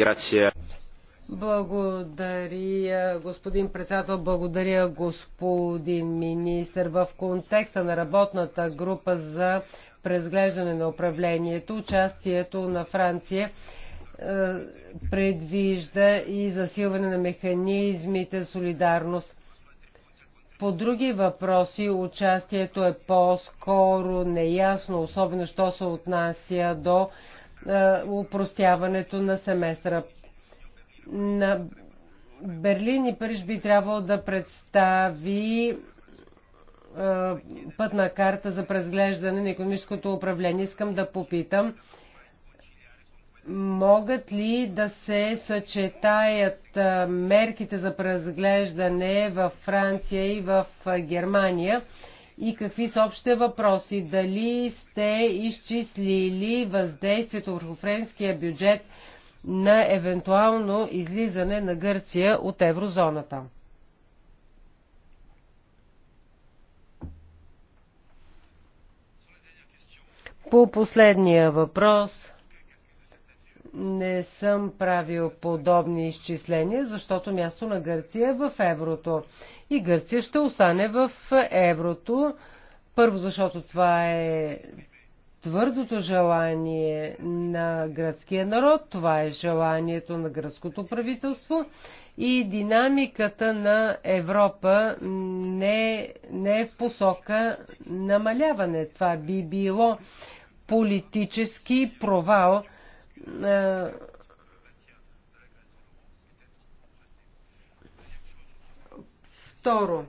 благодаря, господин председател, благодаря, господин министр. В контекста на работната група за презглеждане на управлението, участието на Франция е, предвижда и засилване на механизмите солидарност. По други въпроси участието е по-скоро неясно, особено що се отнася до е, упростяването на семестра на Берлин и Париж би трябвало да представи пътна карта за презглеждане на економическото управление. Искам да попитам, могат ли да се съчетаят мерките за преразглеждане в Франция и в Германия? И какви са общите въпроси? Дали сте изчислили въздействието върху френския бюджет – на евентуално излизане на Гърция от еврозоната. По последния въпрос не съм правил подобни изчисления, защото място на Гърция е в еврото. И Гърция ще остане в еврото. Първо, защото това е твърдото желание на гръцкия народ, това е желанието на гръцкото правителство и динамиката на Европа не, не е в посока намаляване. Това би било политически провал. Е, Второ,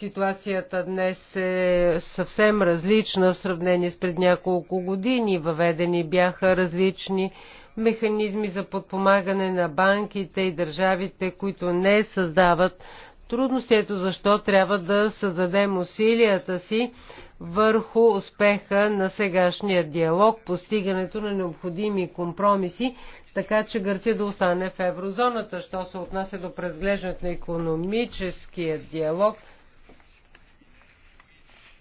Ситуацията днес е съвсем различна в сравнение с пред няколко години. Въведени бяха различни механизми за подпомагане на банките и държавите, които не създават трудности. Ето защо трябва да създадем усилията си върху успеха на сегашния диалог, постигането на необходими компромиси, така че Гърция да остане в еврозоната. Що се отнася до презглеждането на економическия диалог –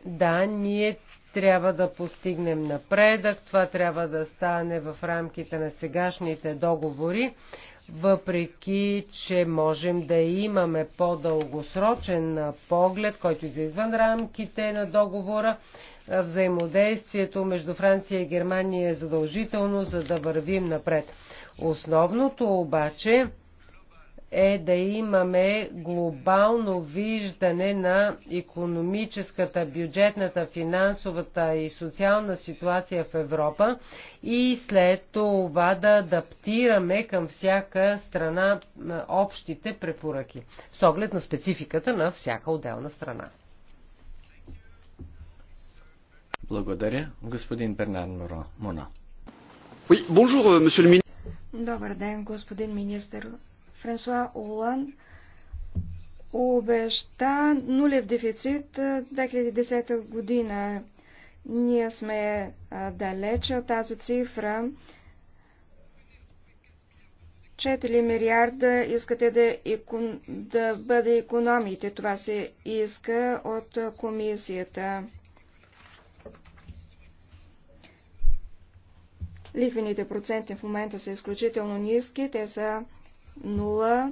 да, ние трябва да постигнем напредък, това трябва да стане в рамките на сегашните договори, въпреки че можем да имаме по-дългосрочен поглед, който е извън рамките на договора. Взаимодействието между Франция и Германия е задължително, за да вървим напред. Основното обаче е да имаме глобално виждане на економическата, бюджетната, финансовата и социална ситуация в Европа и след това да адаптираме към всяка страна общите препоръки с оглед на спецификата на всяка отделна страна. Благодаря, господин Бернан Мона. Euh, Добър ден, господин министър. Франсуа Олан обеща нулев дефицит 2010 година. Ние сме далече от тази цифра. 4 милиарда искате да, икон... да бъде економите. Това се иска от комисията. Лихвените проценти в момента са изключително ниски. Те са нула,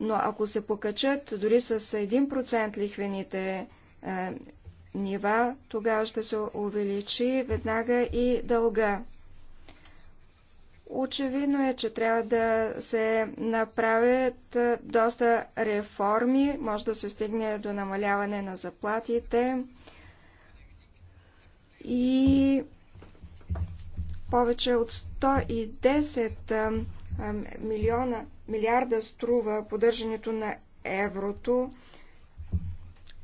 но ако се покачат дори с 1% лихвените е, нива, тогава ще се увеличи веднага и дълга. Очевидно е, че трябва да се направят е, доста реформи, може да се стигне до намаляване на заплатите и повече от 110 милиона, милиарда струва поддържането на еврото,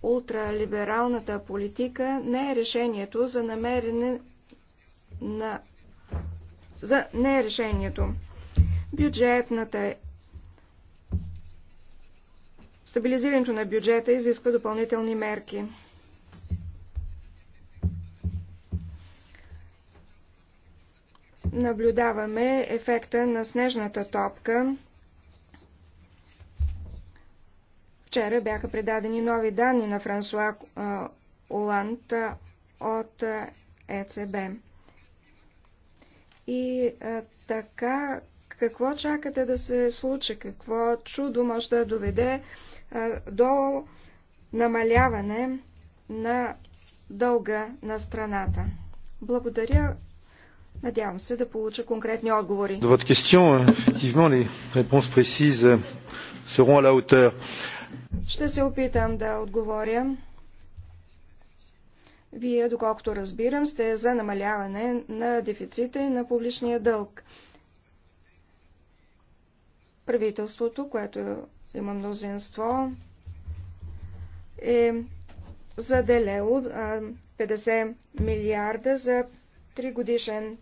ултралибералната политика не е решението за намерене на... за не е решението. Бюджетната Стабилизирането на бюджета изисква допълнителни мерки. наблюдаваме ефекта на снежната топка. Вчера бяха предадени нови данни на Франсуа Оланд от ЕЦБ. И а, така, какво чакате да се случи? Какво чудо може да доведе а, до намаляване на дълга на страната? Благодаря, Надявам се да получа конкретни отговори. До вашата question, effectivement, les réponses précises euh, seront à la hauteur. Ще се опитам да отговоря. Вие, доколкото разбирам, сте за намаляване на дефицита и на публичния дълг. Правителството, което има мнозинство, е заделело 50 милиарда за тригодишен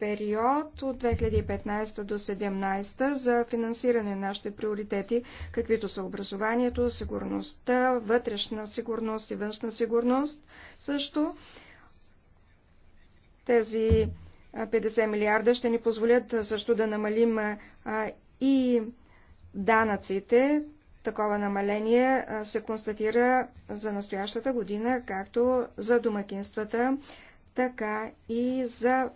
период от 2015 до 2017 за финансиране на нашите приоритети, каквито са образованието, сигурността, вътрешна сигурност и външна сигурност. Също тези 50 милиарда ще ни позволят също да намалим и данъците. Такова намаление се констатира за настоящата година, както за домакинствата, така и за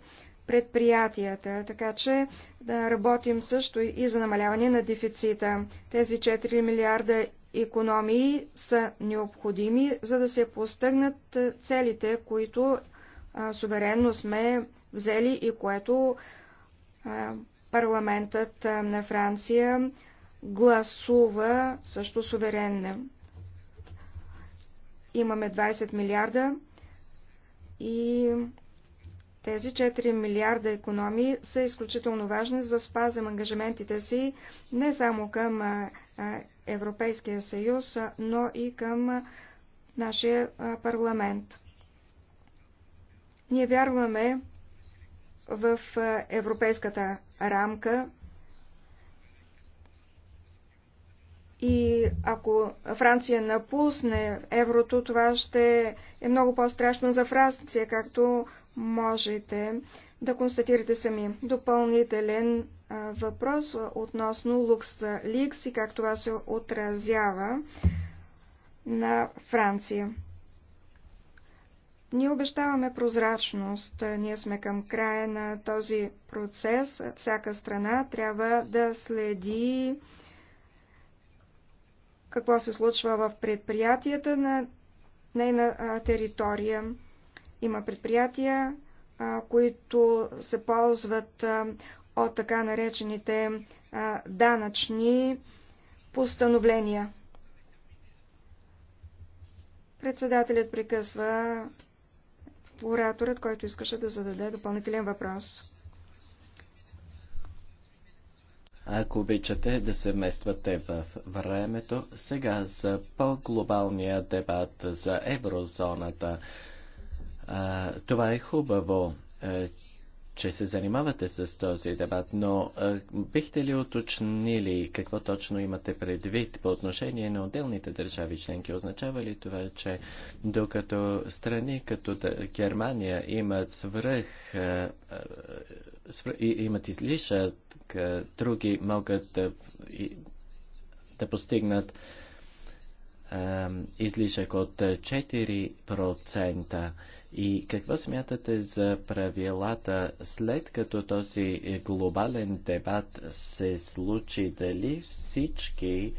предприятията. Така че да работим също и за намаляване на дефицита. Тези 4 милиарда економии са необходими, за да се постъгнат целите, които а, суверенно сме взели и което а, парламентът а, на Франция гласува също суверенно. Имаме 20 милиарда и тези 4 милиарда економии са изключително важни за спазем ангажиментите си не само към Европейския съюз, но и към нашия парламент. Ние вярваме в европейската рамка И ако Франция напусне еврото, това ще е много по-страшно за Франция, както можете да констатирате сами. Допълнителен въпрос относно Лукс Ликс и как това се отразява на Франция. Ние обещаваме прозрачност. Ние сме към края на този процес. Всяка страна трябва да следи какво се случва в предприятията на нейна територия. Има предприятия, които се ползват от така наречените данъчни постановления. Председателят прекъсва ораторът, който искаше да зададе допълнителен въпрос. Ако обичате да се вмествате в времето, сега за по-глобалния дебат за еврозоната. Това е хубаво е, че се занимавате с този дебат, но а, бихте ли уточнили какво точно имате предвид по отношение на отделните държави членки? Означава ли това, че докато страни като Германия имат свръх, а, свръх и, имат излишък, други могат да, и, да постигнат излишък от 4% и какво смятате за правилата след като този глобален дебат се случи, дали всички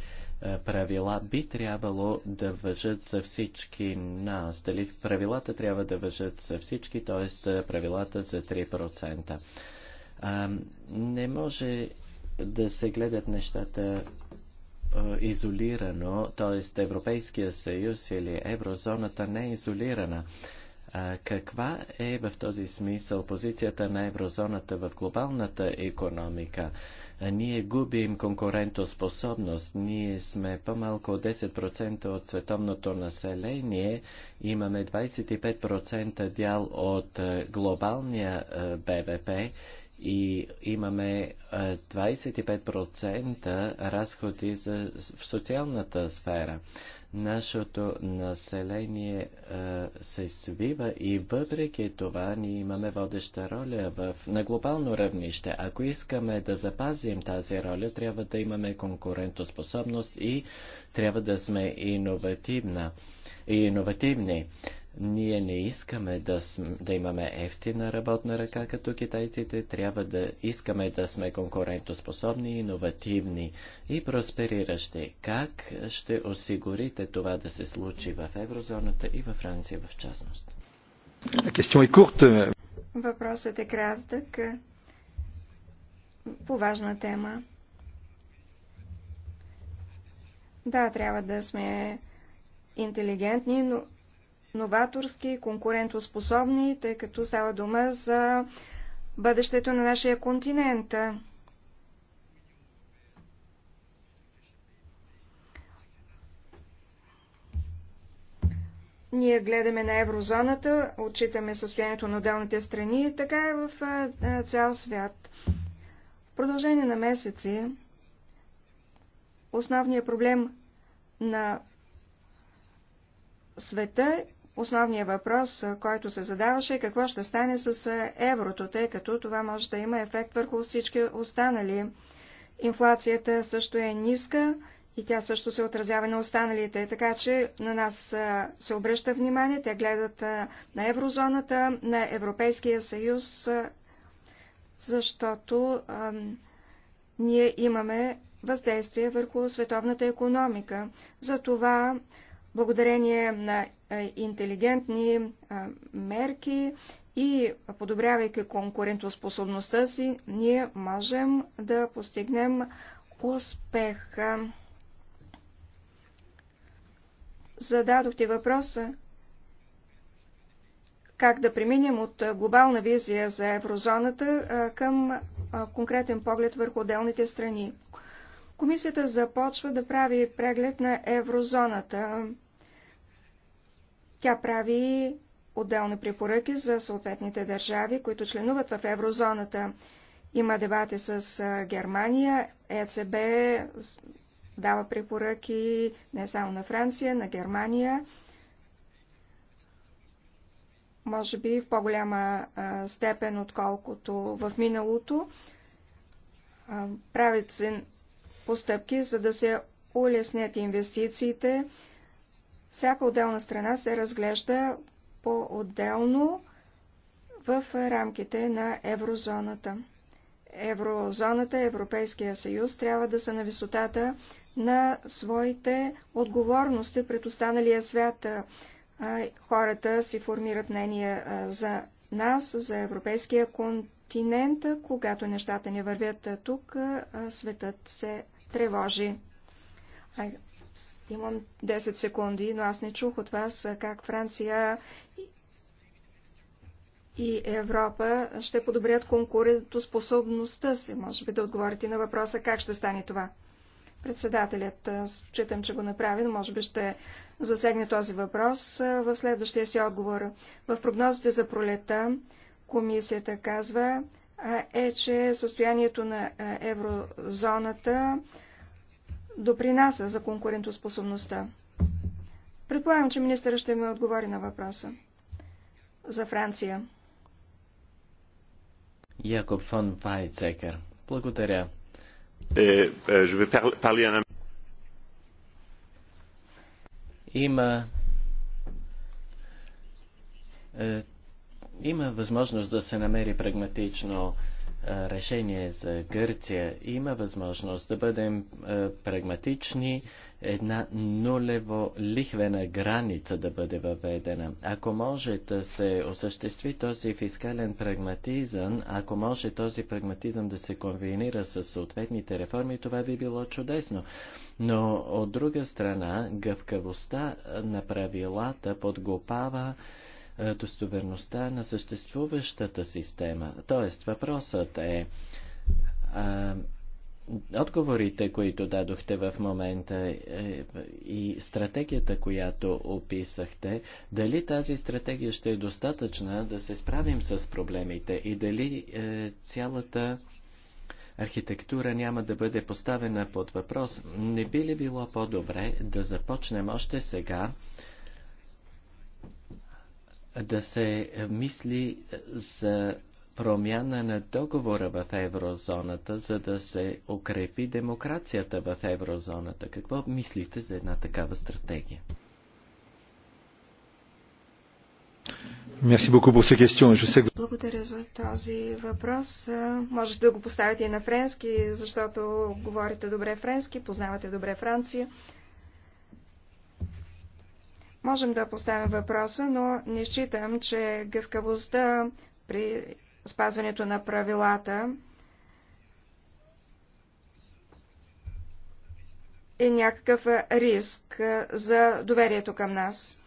правила би трябвало да въжат за всички нас, дали правилата трябва да въжат за всички, т.е. правилата за 3%. не може да се гледат нещата изолирано, т.е. Европейския съюз или еврозоната не е изолирана. Каква е в този смисъл позицията на еврозоната в глобалната економика? Ние губим конкурентоспособност, ние сме по-малко от 10% от световното население, имаме 25% дял от глобалния БВП и имаме 25% разходи за, в социалната сфера. Нашето население а, се свива и въпреки това ние имаме водеща роля в, на глобално равнище. Ако искаме да запазим тази роля, трябва да имаме конкурентоспособност и трябва да сме иновативна, и иновативни. Ние не искаме да, да имаме ефтина работна ръка като китайците, трябва да искаме да сме конкурентоспособни, иновативни и проспериращи. Как ще осигурите това да се случи в еврозоната и във Франция в частност? Въпросът е кратък по важна тема. Да, трябва да сме интелигентни, но новаторски, конкурентоспособни, тъй като става дума за бъдещето на нашия континент. Ние гледаме на еврозоната, отчитаме състоянието на отделните страни и така е в цял свят. В продължение на месеци основният проблем на света Основният въпрос, който се задаваше е какво ще стане с еврото, тъй като това може да има ефект върху всички останали. Инфлацията също е ниска и тя също се отразява на останалите, така че на нас се обръща внимание, те гледат на еврозоната, на Европейския съюз, защото а, ние имаме въздействие върху световната економика. Затова, благодарение на е, интелигентни е, мерки и подобрявайки конкурентоспособността си, ние можем да постигнем успеха. Зададохте въпроса как да преминем от глобална визия за еврозоната е, към конкретен поглед върху отделните страни. Комисията започва да прави преглед на еврозоната тя прави отделни препоръки за съответните държави, които членуват в еврозоната. Има дебати с Германия, ЕЦБ дава препоръки не само на Франция, на Германия. Може би в по-голяма степен, отколкото в миналото, правят се постъпки, за да се улеснят инвестициите, всяка отделна страна се разглежда по-отделно в рамките на еврозоната. Еврозоната, Европейския съюз трябва да са на висотата на своите отговорности пред останалия свят. Хората си формират мнение за нас, за европейския континент. Когато нещата не вървят тук, светът се тревожи. Имам 10 секунди, но аз не чух от вас как Франция и Европа ще подобрят конкурентоспособността си. Може би да отговорите на въпроса как ще стане това. Председателят, считам, че го направи, но може би ще засегне този въпрос в следващия си отговор. В прогнозите за пролета комисията казва, е, че състоянието на еврозоната допринася за конкурентоспособността? Предполагам, че министъра ще ми отговори на въпроса. За Франция. Якоб фон Вайцекер. Благодаря. Е, е, има е, има възможност да се намери прагматично решение за Гърция. Има възможност да бъдем прагматични, една нулево лихвена граница да бъде въведена. Ако може да се осъществи този фискален прагматизъм, ако може този прагматизъм да се комбинира с съответните реформи, това би било чудесно. Но от друга страна, гъвкавостта на правилата подгопава е, достоверността на съществуващата система. Тоест, въпросът е а, отговорите, които дадохте в момента е, и стратегията, която описахте, дали тази стратегия ще е достатъчна да се справим с проблемите и дали е, цялата архитектура няма да бъде поставена под въпрос, не би ли било по-добре да започнем още сега да се мисли за промяна на договора в еврозоната, за да се укрепи демокрацията в еврозоната. Какво мислите за една такава стратегия? Благодаря за този въпрос. Можете да го поставите и на френски, защото говорите добре френски, познавате добре Франция. Можем да поставим въпроса, но не считам, че гъвкавостта при спазването на правилата е някакъв риск за доверието към нас.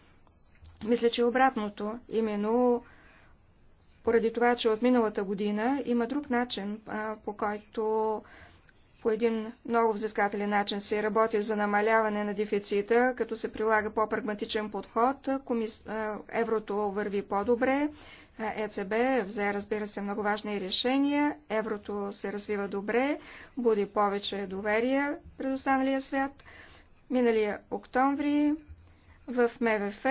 Мисля, че обратното, именно поради това, че от миналата година има друг начин, по който по един много взискателен начин се работи за намаляване на дефицита, като се прилага по-прагматичен подход. Комис... Еврото върви по-добре. ЕЦБ взе, разбира се, много важни решения. Еврото се развива добре, буди повече доверие пред останалия свят. Миналия октомври в МВФ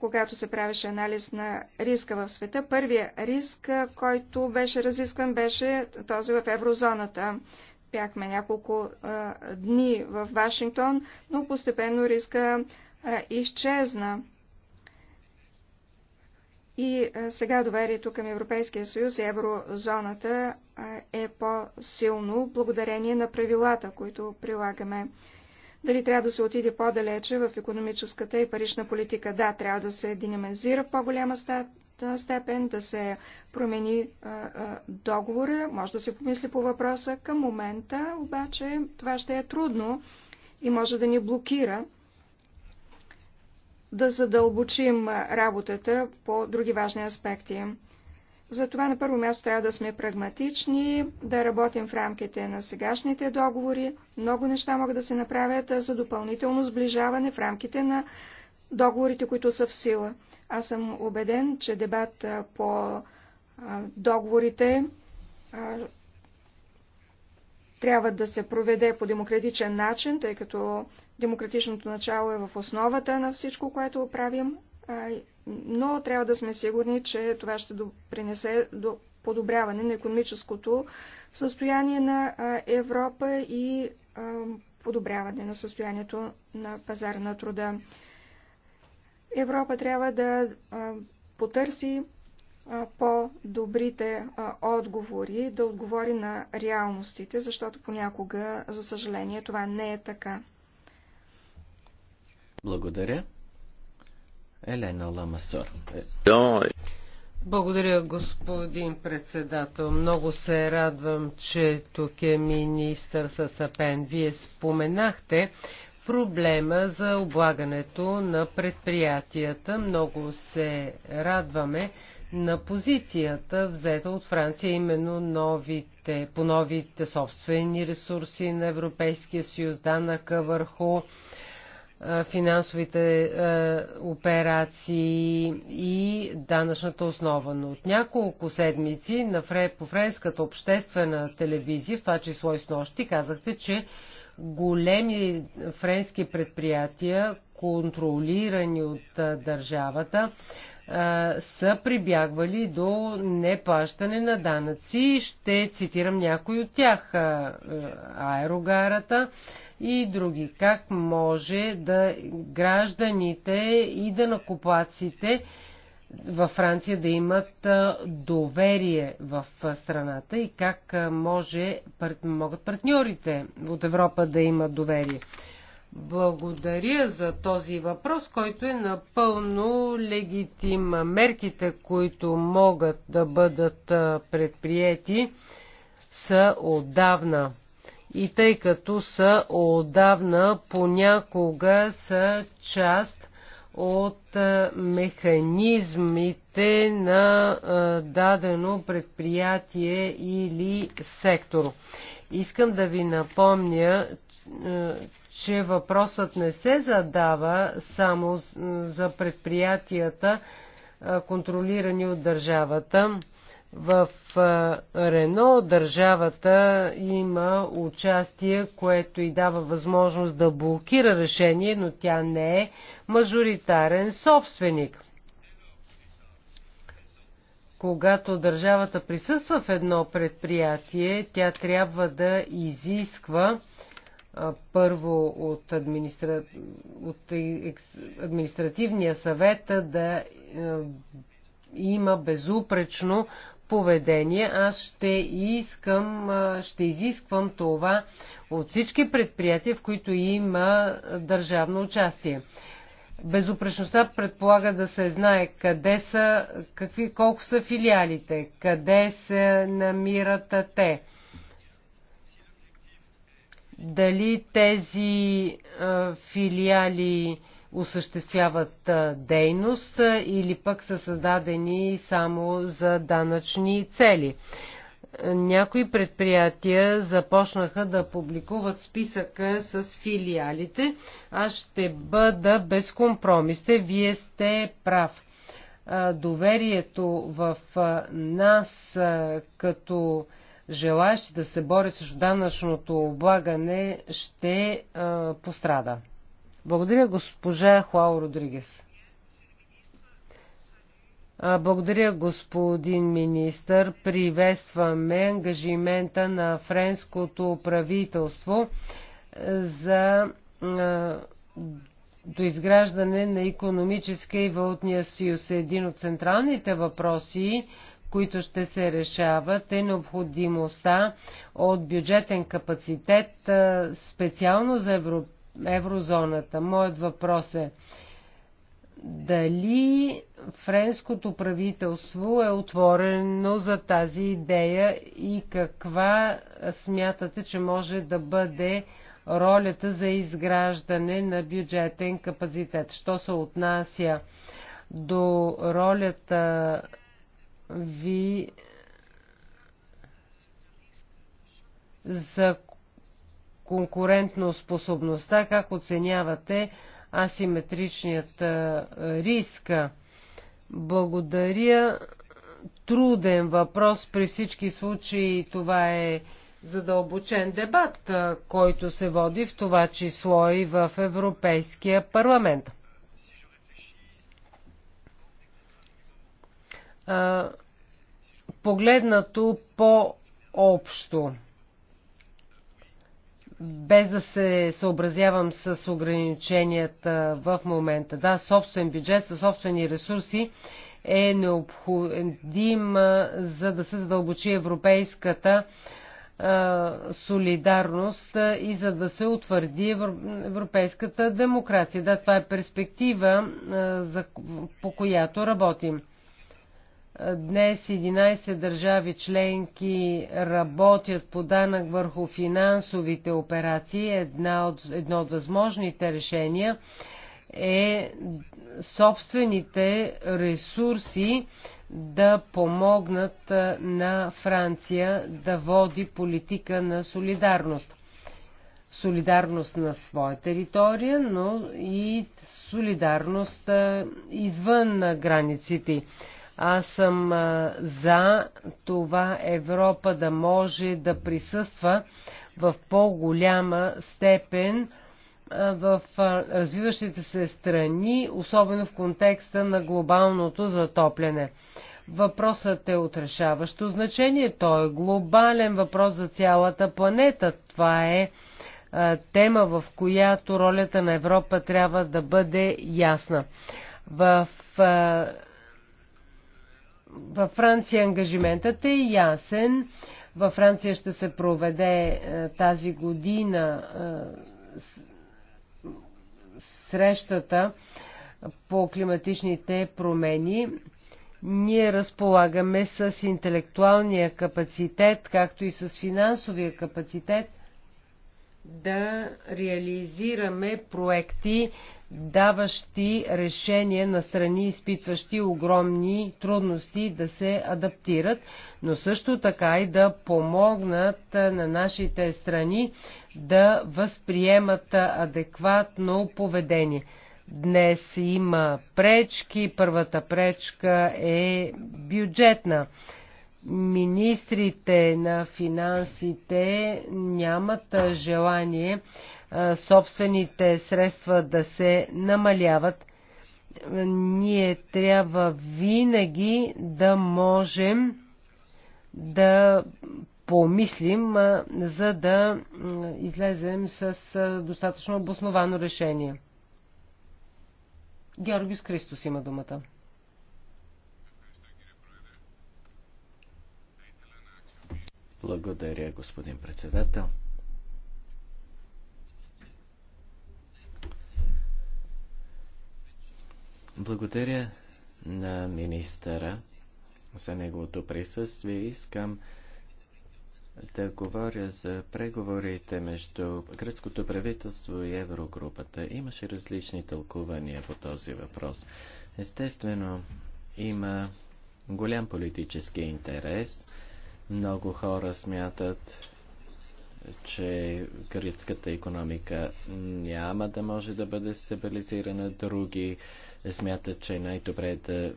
когато се правеше анализ на риска в света. Първият риск, който беше разискван, беше този в еврозоната. Бяхме няколко а, дни в Вашингтон, но постепенно риска а, изчезна. И а, сега доверието към Европейския съюз и еврозоната а, е по-силно благодарение на правилата, които прилагаме. Дали трябва да се отиде по-далече в економическата и парична политика? Да, трябва да се динамизира в по-голяма степен, да се промени договора, може да се помисли по въпроса. Към момента обаче това ще е трудно и може да ни блокира да задълбочим работата по други важни аспекти. Затова на първо място трябва да сме прагматични, да работим в рамките на сегашните договори. Много неща могат да се направят за допълнително сближаване в рамките на договорите, които са в сила. Аз съм убеден, че дебат по договорите трябва да се проведе по демократичен начин, тъй като демократичното начало е в основата на всичко, което правим но трябва да сме сигурни, че това ще принесе до подобряване на економическото състояние на Европа и подобряване на състоянието на пазара на труда. Европа трябва да потърси по-добрите отговори, да отговори на реалностите, защото понякога, за съжаление, това не е така. Благодаря. Елена Ламасор. Благодаря, господин председател. Много се радвам, че тук е министър Сапен. Вие споменахте проблема за облагането на предприятията. Много се радваме на позицията, взета от Франция, именно новите, по новите собствени ресурси на Европейския съюз, данъка върху финансовите операции и данъчната основа. Но от няколко седмици на фре, по френската обществена телевизия, в това число и с нощи, казахте, че големи френски предприятия, контролирани от държавата, са прибягвали до неплащане на данъци. Ще цитирам някой от тях. Аерогарата и други. Как може да гражданите и да накопаците във Франция да имат доверие в страната и как може, могат партньорите от Европа да имат доверие. Благодаря за този въпрос, който е напълно легитим. Мерките, които могат да бъдат предприяти, са отдавна. И тъй като са отдавна, понякога са част от механизмите на дадено предприятие или сектор. Искам да ви напомня, че въпросът не се задава само за предприятията, контролирани от държавата. В Рено държавата има участие, което и дава възможност да блокира решение, но тя не е мажоритарен собственик. Когато държавата присъства в едно предприятие, тя трябва да изисква първо от, администра... от административния съвет да е, има безупречно поведение. Аз ще искам, ще изисквам това от всички предприятия, в които има държавно участие. Безупречността предполага да се знае къде са, какви, колко са филиалите, къде се намират те дали тези филиали осъществяват дейност или пък са създадени само за данъчни цели. Някои предприятия започнаха да публикуват списъка с филиалите. Аз ще бъда безкомпромисте. Вие сте прав. Доверието в нас като желаящи да се борят с данъчното облагане ще а, пострада. Благодаря госпожа Хуао Родригес. Благодаря, господин министър. Приветстваме ангажимента на френското правителство за до изграждане на економическия и валутния съюз. Един от централните въпроси които ще се решават, е необходимостта от бюджетен капацитет специално за евро, еврозоната. Моят въпрос е дали френското правителство е отворено за тази идея и каква смятате, че може да бъде ролята за изграждане на бюджетен капацитет. Що се отнася до ролята ви за конкурентно способността, как оценявате асиметричният риск. Благодаря. Труден въпрос. При всички случаи това е задълбочен дебат, който се води в това число и в Европейския парламент. погледнато по-общо, без да се съобразявам с ограниченията в момента. Да, собствен бюджет със собствени ресурси е необходим, за да се задълбочи европейската солидарност и за да се утвърди европейската демокрация. Да, това е перспектива, по която работим. Днес 11 държави членки работят по данък върху финансовите операции. Една от, едно от възможните решения е собствените ресурси да помогнат на Франция да води политика на солидарност. Солидарност на своя територия, но и солидарност извън границите. Аз съм за това Европа да може да присъства в по-голяма степен в развиващите се страни, особено в контекста на глобалното затопляне. Въпросът е от решаващо значение. Той е глобален въпрос за цялата планета. Това е а, тема, в която ролята на Европа трябва да бъде ясна. В а, във Франция ангажиментът е ясен. Във Франция ще се проведе е, тази година е, срещата по климатичните промени. Ние разполагаме с интелектуалния капацитет, както и с финансовия капацитет да реализираме проекти даващи решение на страни, изпитващи огромни трудности да се адаптират, но също така и да помогнат на нашите страни да възприемат адекватно поведение. Днес има пречки. Първата пречка е бюджетна. Министрите на финансите нямат желание собствените средства да се намаляват, ние трябва винаги да можем да помислим, за да излезем с достатъчно обосновано решение. Георгиус Христос има думата. Благодаря, господин председател. Благодаря на министъра за неговото присъствие. Искам да говоря за преговорите между гръцкото правителство и Еврогрупата. Имаше различни тълкувания по този въпрос. Естествено, има голям политически интерес. Много хора смятат, че гръцката економика няма да може да бъде стабилизирана. Други смятат, че е най-добре е да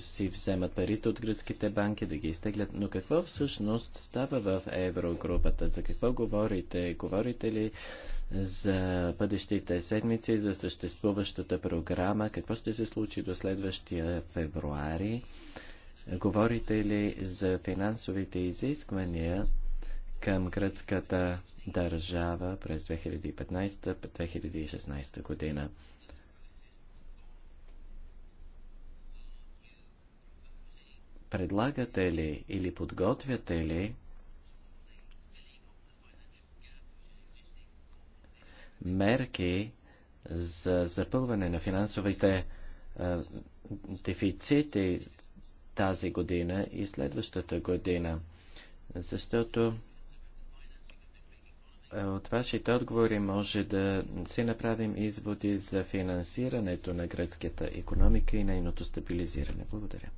си вземат парите от гръцките банки, да ги изтеглят. Но какво всъщност става в еврогрупата? За какво говорите? Говорите ли за бъдещите седмици, за съществуващата програма? Какво ще се случи до следващия февруари? Говорите ли за финансовите изисквания към гръцката държава през 2015-2016 година. Предлагате ли или подготвяте ли мерки за запълване на финансовите а, дефицити тази година и следващата година? Защото е, от вашите отговори може да си направим изводи за финансирането на гръцката економика и нейното стабилизиране. Благодаря.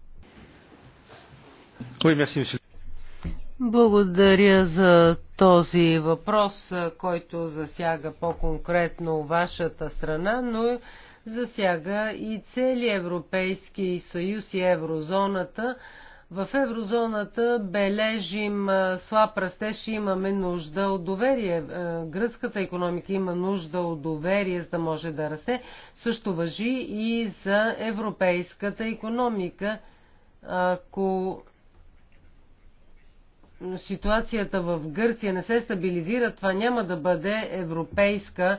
Благодаря за този въпрос, е, който засяга по-конкретно вашата страна, но засяга и цели Европейски съюз и еврозоната, в еврозоната бележим слаб растеж и имаме нужда от доверие. Гръцката економика има нужда от доверие, за да може да расте. Също въжи и за европейската економика. Ако ситуацията в Гърция не се стабилизира, това няма да бъде европейска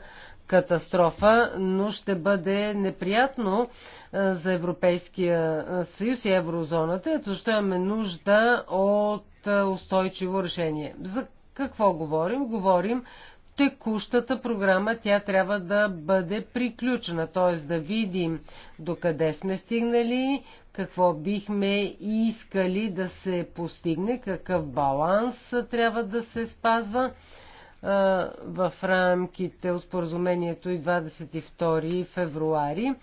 катастрофа, но ще бъде неприятно за Европейския съюз и еврозоната, ето защо имаме нужда от устойчиво решение. За какво говорим? Говорим текущата програма, тя трябва да бъде приключена, т.е. да видим докъде сме стигнали, какво бихме искали да се постигне, какъв баланс трябва да се спазва в рамките от споразумението и 22 февруари.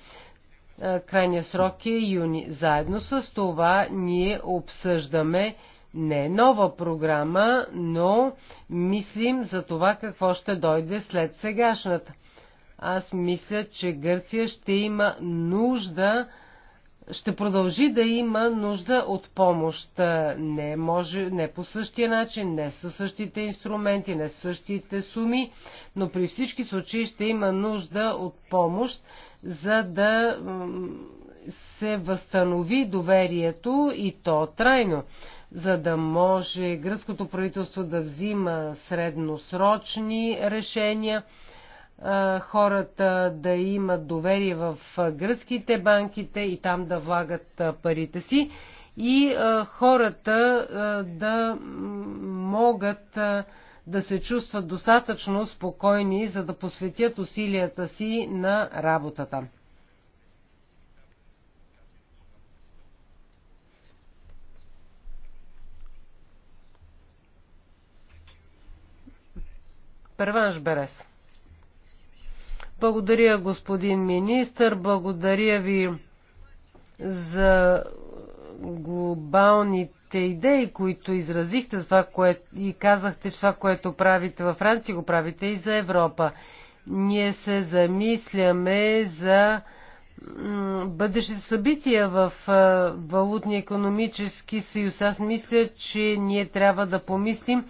Крайния срок е юни. Заедно с това ние обсъждаме не нова програма, но мислим за това какво ще дойде след сегашната. Аз мисля, че Гърция ще има нужда ще продължи да има нужда от помощ. Е, не, може, не по същия начин, не със същите инструменти, не със същите суми, но при всички случаи ще има нужда от помощ, за да се възстанови доверието и то трайно, за да може гръцкото правителство да взима средносрочни решения хората да имат доверие в гръцките банките и там да влагат парите си и хората да могат да се чувстват достатъчно спокойни, за да посветят усилията си на работата. Перванш Берес. Благодаря, господин министр. Благодаря ви за глобалните идеи, които изразихте това, което, и казахте, че това, което правите във Франция, го правите и за Европа. Ние се замисляме за бъдещите събития в валутния економически съюз. Аз мисля, че ние трябва да помислим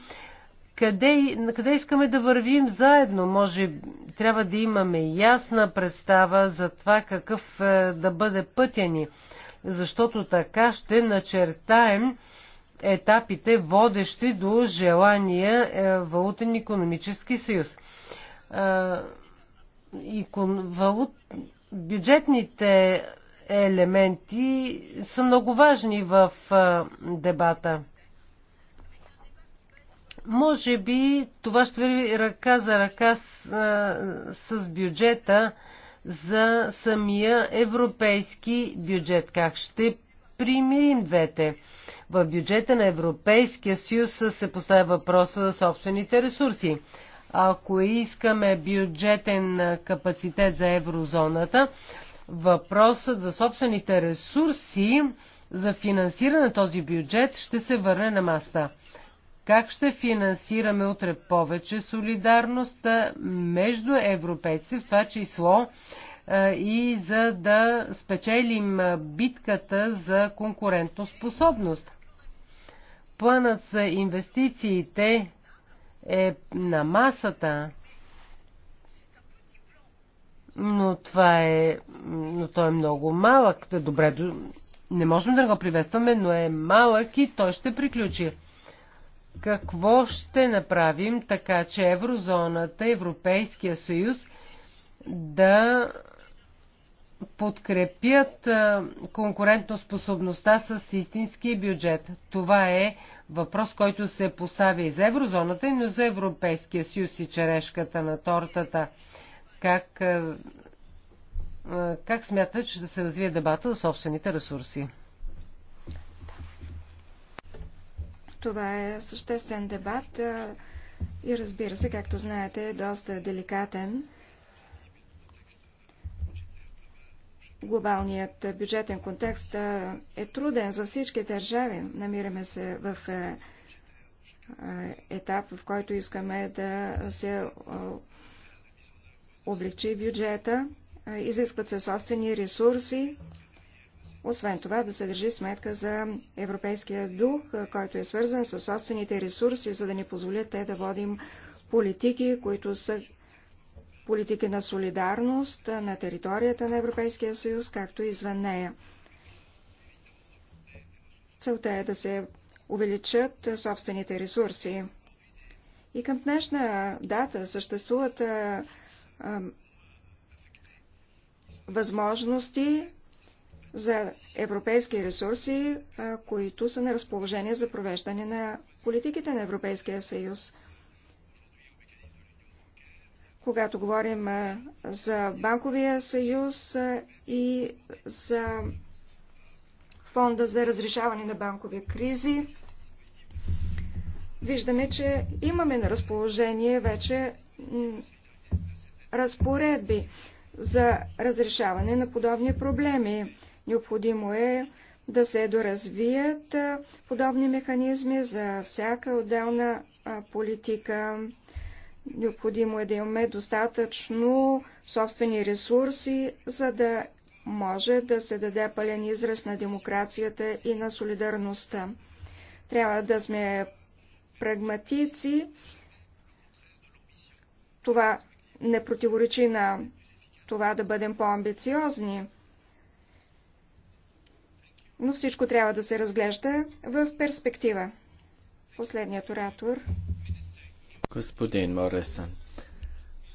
къде, на къде искаме да вървим заедно. Може трябва да имаме ясна представа за това какъв е, да бъде пътя ни, защото така ще начертаем етапите, водещи до желания е, валутен економически съюз. Е, икон, валут, бюджетните елементи са много важни в е, дебата. Може би това ще върви ръка за ръка с, с бюджета за самия европейски бюджет. Как ще примирим двете? В бюджета на Европейския съюз се поставя въпроса за собствените ресурси. Ако искаме бюджетен капацитет за еврозоната, въпросът за собствените ресурси за финансиране на този бюджет ще се върне на маста. Как ще финансираме утре повече солидарност между европейци в това число е, и за да спечелим е, битката за конкурентоспособност? Планът за инвестициите е на масата, но това е, но той е много малък. Добре, не можем да го приветстваме, но е малък и той ще приключи. Какво ще направим така, че еврозоната, Европейския съюз да подкрепят конкурентоспособността с истински бюджет. Това е въпрос, който се поставя и за еврозоната, но за Европейския съюз и черешката на тортата. Как, как смятат, че да се развие дебата за собствените ресурси? Това е съществен дебат и разбира се, както знаете, е доста деликатен. Глобалният бюджетен контекст е труден за всички държави. Намираме се в етап, в който искаме да се облегчи бюджета. Изискват се собствени ресурси, освен това да се държи сметка за европейския дух, който е свързан с собствените ресурси, за да ни позволят те да водим политики, които са политики на солидарност на територията на Европейския съюз, както и извън нея. Целта е да се увеличат собствените ресурси. И към днешна дата съществуват възможности за европейски ресурси, които са на разположение за провеждане на политиките на Европейския съюз. Когато говорим за банковия съюз и за фонда за разрешаване на банкови кризи, виждаме, че имаме на разположение вече разпоредби за разрешаване на подобни проблеми. Необходимо е да се доразвият подобни механизми за всяка отделна политика. Необходимо е да имаме достатъчно собствени ресурси, за да може да се даде пълен израз на демокрацията и на солидарността. Трябва да сме прагматици. Това не противоречи на това да бъдем по-амбициозни но всичко трябва да се разглежда в перспектива. Последният оратор. Господин Моресън.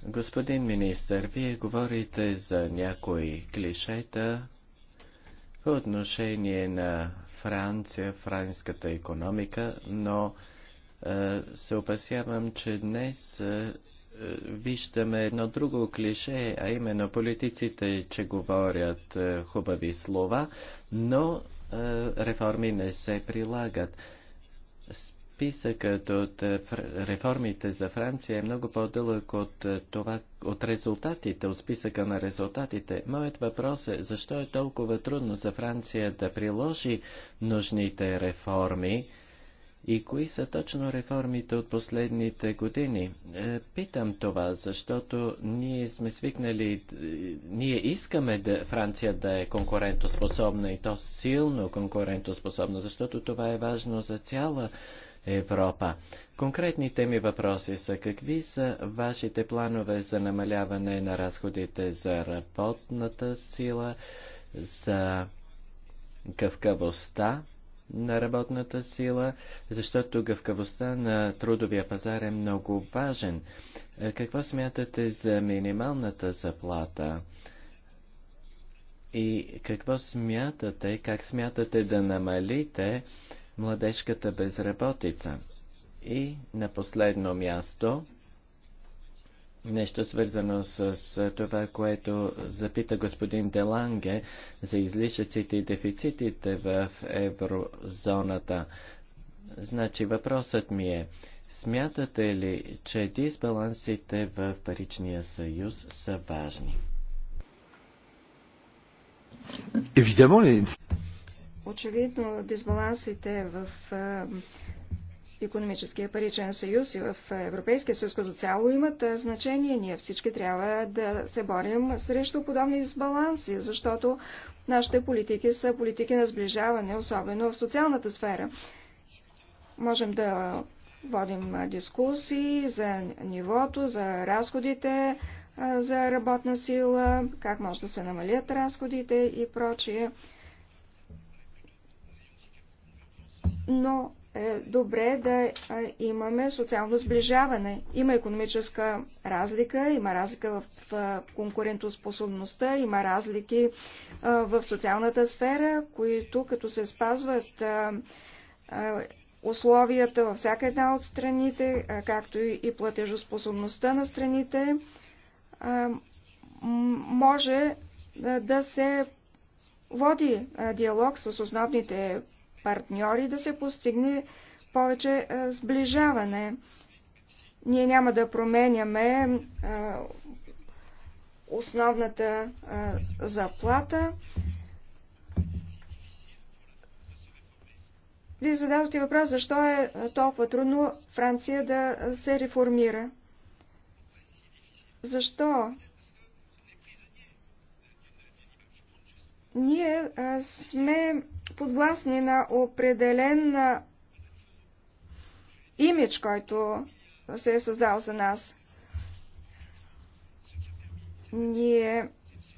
Господин министър, вие говорите за някои клишета по отношение на Франция, франската економика, но е, се опасявам, че днес е, е, виждаме едно друго клише, а именно политиците, че говорят е, хубави слова, но реформи не се прилагат. Списъкът от реформите за Франция е много по-дълъг от, това, от резултатите, от списъка на резултатите. Моят въпрос е, защо е толкова трудно за Франция да приложи нужните реформи? И кои са точно реформите от последните години? Е, питам това, защото ние сме свикнали, е, ние искаме да Франция да е конкурентоспособна и то силно конкурентоспособна, защото това е важно за цяла Европа. Конкретните ми въпроси са какви са вашите планове за намаляване на разходите за работната сила, за гъвкавостта на работната сила, защото гъвкавостта на трудовия пазар е много важен. Е, какво смятате за минималната заплата? И какво смятате, как смятате да намалите младежката безработица? И на последно място, нещо свързано с, това, което запита господин Деланге за излишъците и дефицитите в еврозоната. Значи въпросът ми е, смятате ли, че дисбалансите в паричния съюз са важни? Очевидно, дисбалансите в економическия паричен съюз и в Европейския съюз като цяло имат значение. Ние всички трябва да се борим срещу подобни дисбаланси, защото нашите политики са политики на сближаване, особено в социалната сфера. Можем да водим дискусии за нивото, за разходите за работна сила, как може да се намалят разходите и прочие. Но е добре да е, имаме социално сближаване. Има економическа разлика, има разлика в конкурентоспособността, има разлики е, в социалната сфера, които като се спазват е, условията във всяка една от страните, както и платежоспособността на страните, може да се води диалог с основните партньори, да се постигне повече сближаване. Ние няма да променяме основната заплата. Вие зададохте въпрос, защо е толкова трудно Франция да се реформира. Защо Ние а, сме подвластни на определен а, имидж, който се е създал за нас. Ние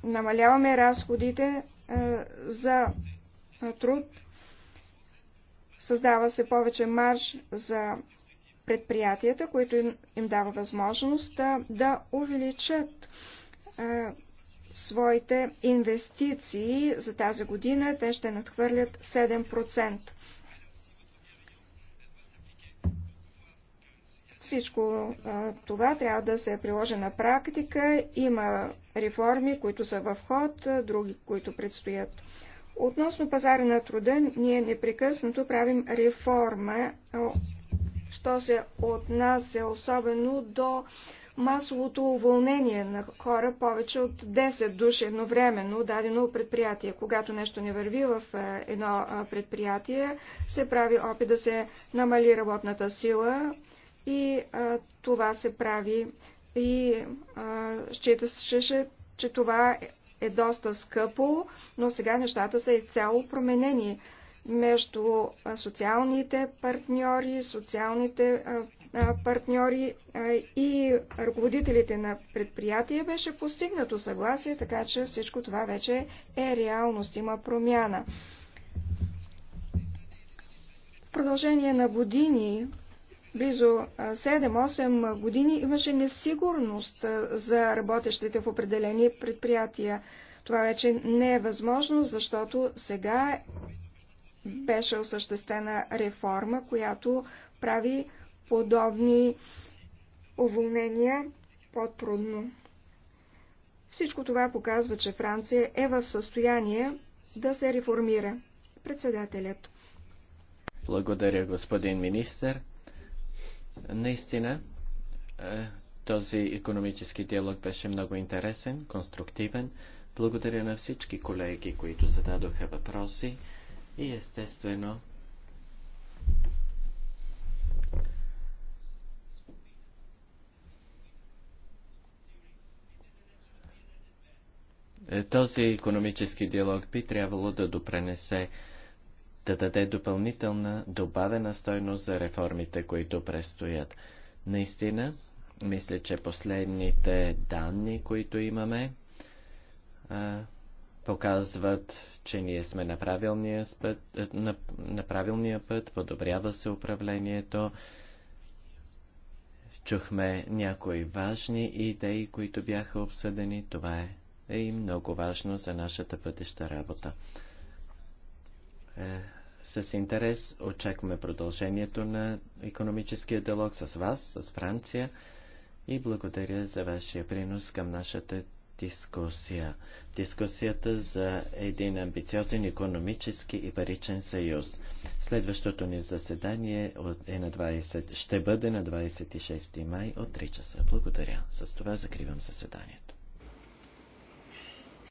намаляваме разходите а, за труд, създава се повече марж за предприятията, които им, им дава възможност да, да увеличат а, своите инвестиции за тази година. Те ще надхвърлят 7%. Всичко това трябва да се приложи на практика. Има реформи, които са в ход, други, които предстоят. Относно пазара на труда, ние непрекъснато правим реформа, що се отнася особено до масовото уволнение на хора, повече от 10 души едновременно, дадено предприятие. Когато нещо не върви в е, едно е, предприятие, се прави опит да се намали работната сила и а, е, това се прави и считаше, че това е доста скъпо, но сега нещата са изцяло променени между социалните партньори, социалните партньори и ръководителите на предприятия беше постигнато съгласие, така че всичко това вече е реалност, има промяна. В продължение на години, близо 7-8 години, имаше несигурност за работещите в определени предприятия. Това вече не е възможно, защото сега беше осъществена реформа, която прави подобни уволнения по-трудно. Всичко това показва, че Франция е в състояние да се реформира. Председателят. Благодаря, господин министр. Наистина, е, този економически диалог беше много интересен, конструктивен. Благодаря на всички колеги, които зададоха въпроси и естествено Е, този економически диалог би трябвало да допренесе, да даде допълнителна добавена стойност за реформите, които предстоят. Наистина, мисля, че последните данни, които имаме, показват, че ние сме на правилния път, е, на, на правилния път подобрява се управлението. Чухме някои важни идеи, които бяха обсъдени. Това е е и много важно за нашата бъдеща работа. Е, с интерес очакваме продължението на економическия диалог с вас, с Франция и благодаря за вашия принос към нашата дискусия. Дискусията за един амбициозен економически и паричен съюз. Следващото ни заседание е на 20, ще бъде на 26 май от 3 часа. Благодаря. С това закривам заседанието.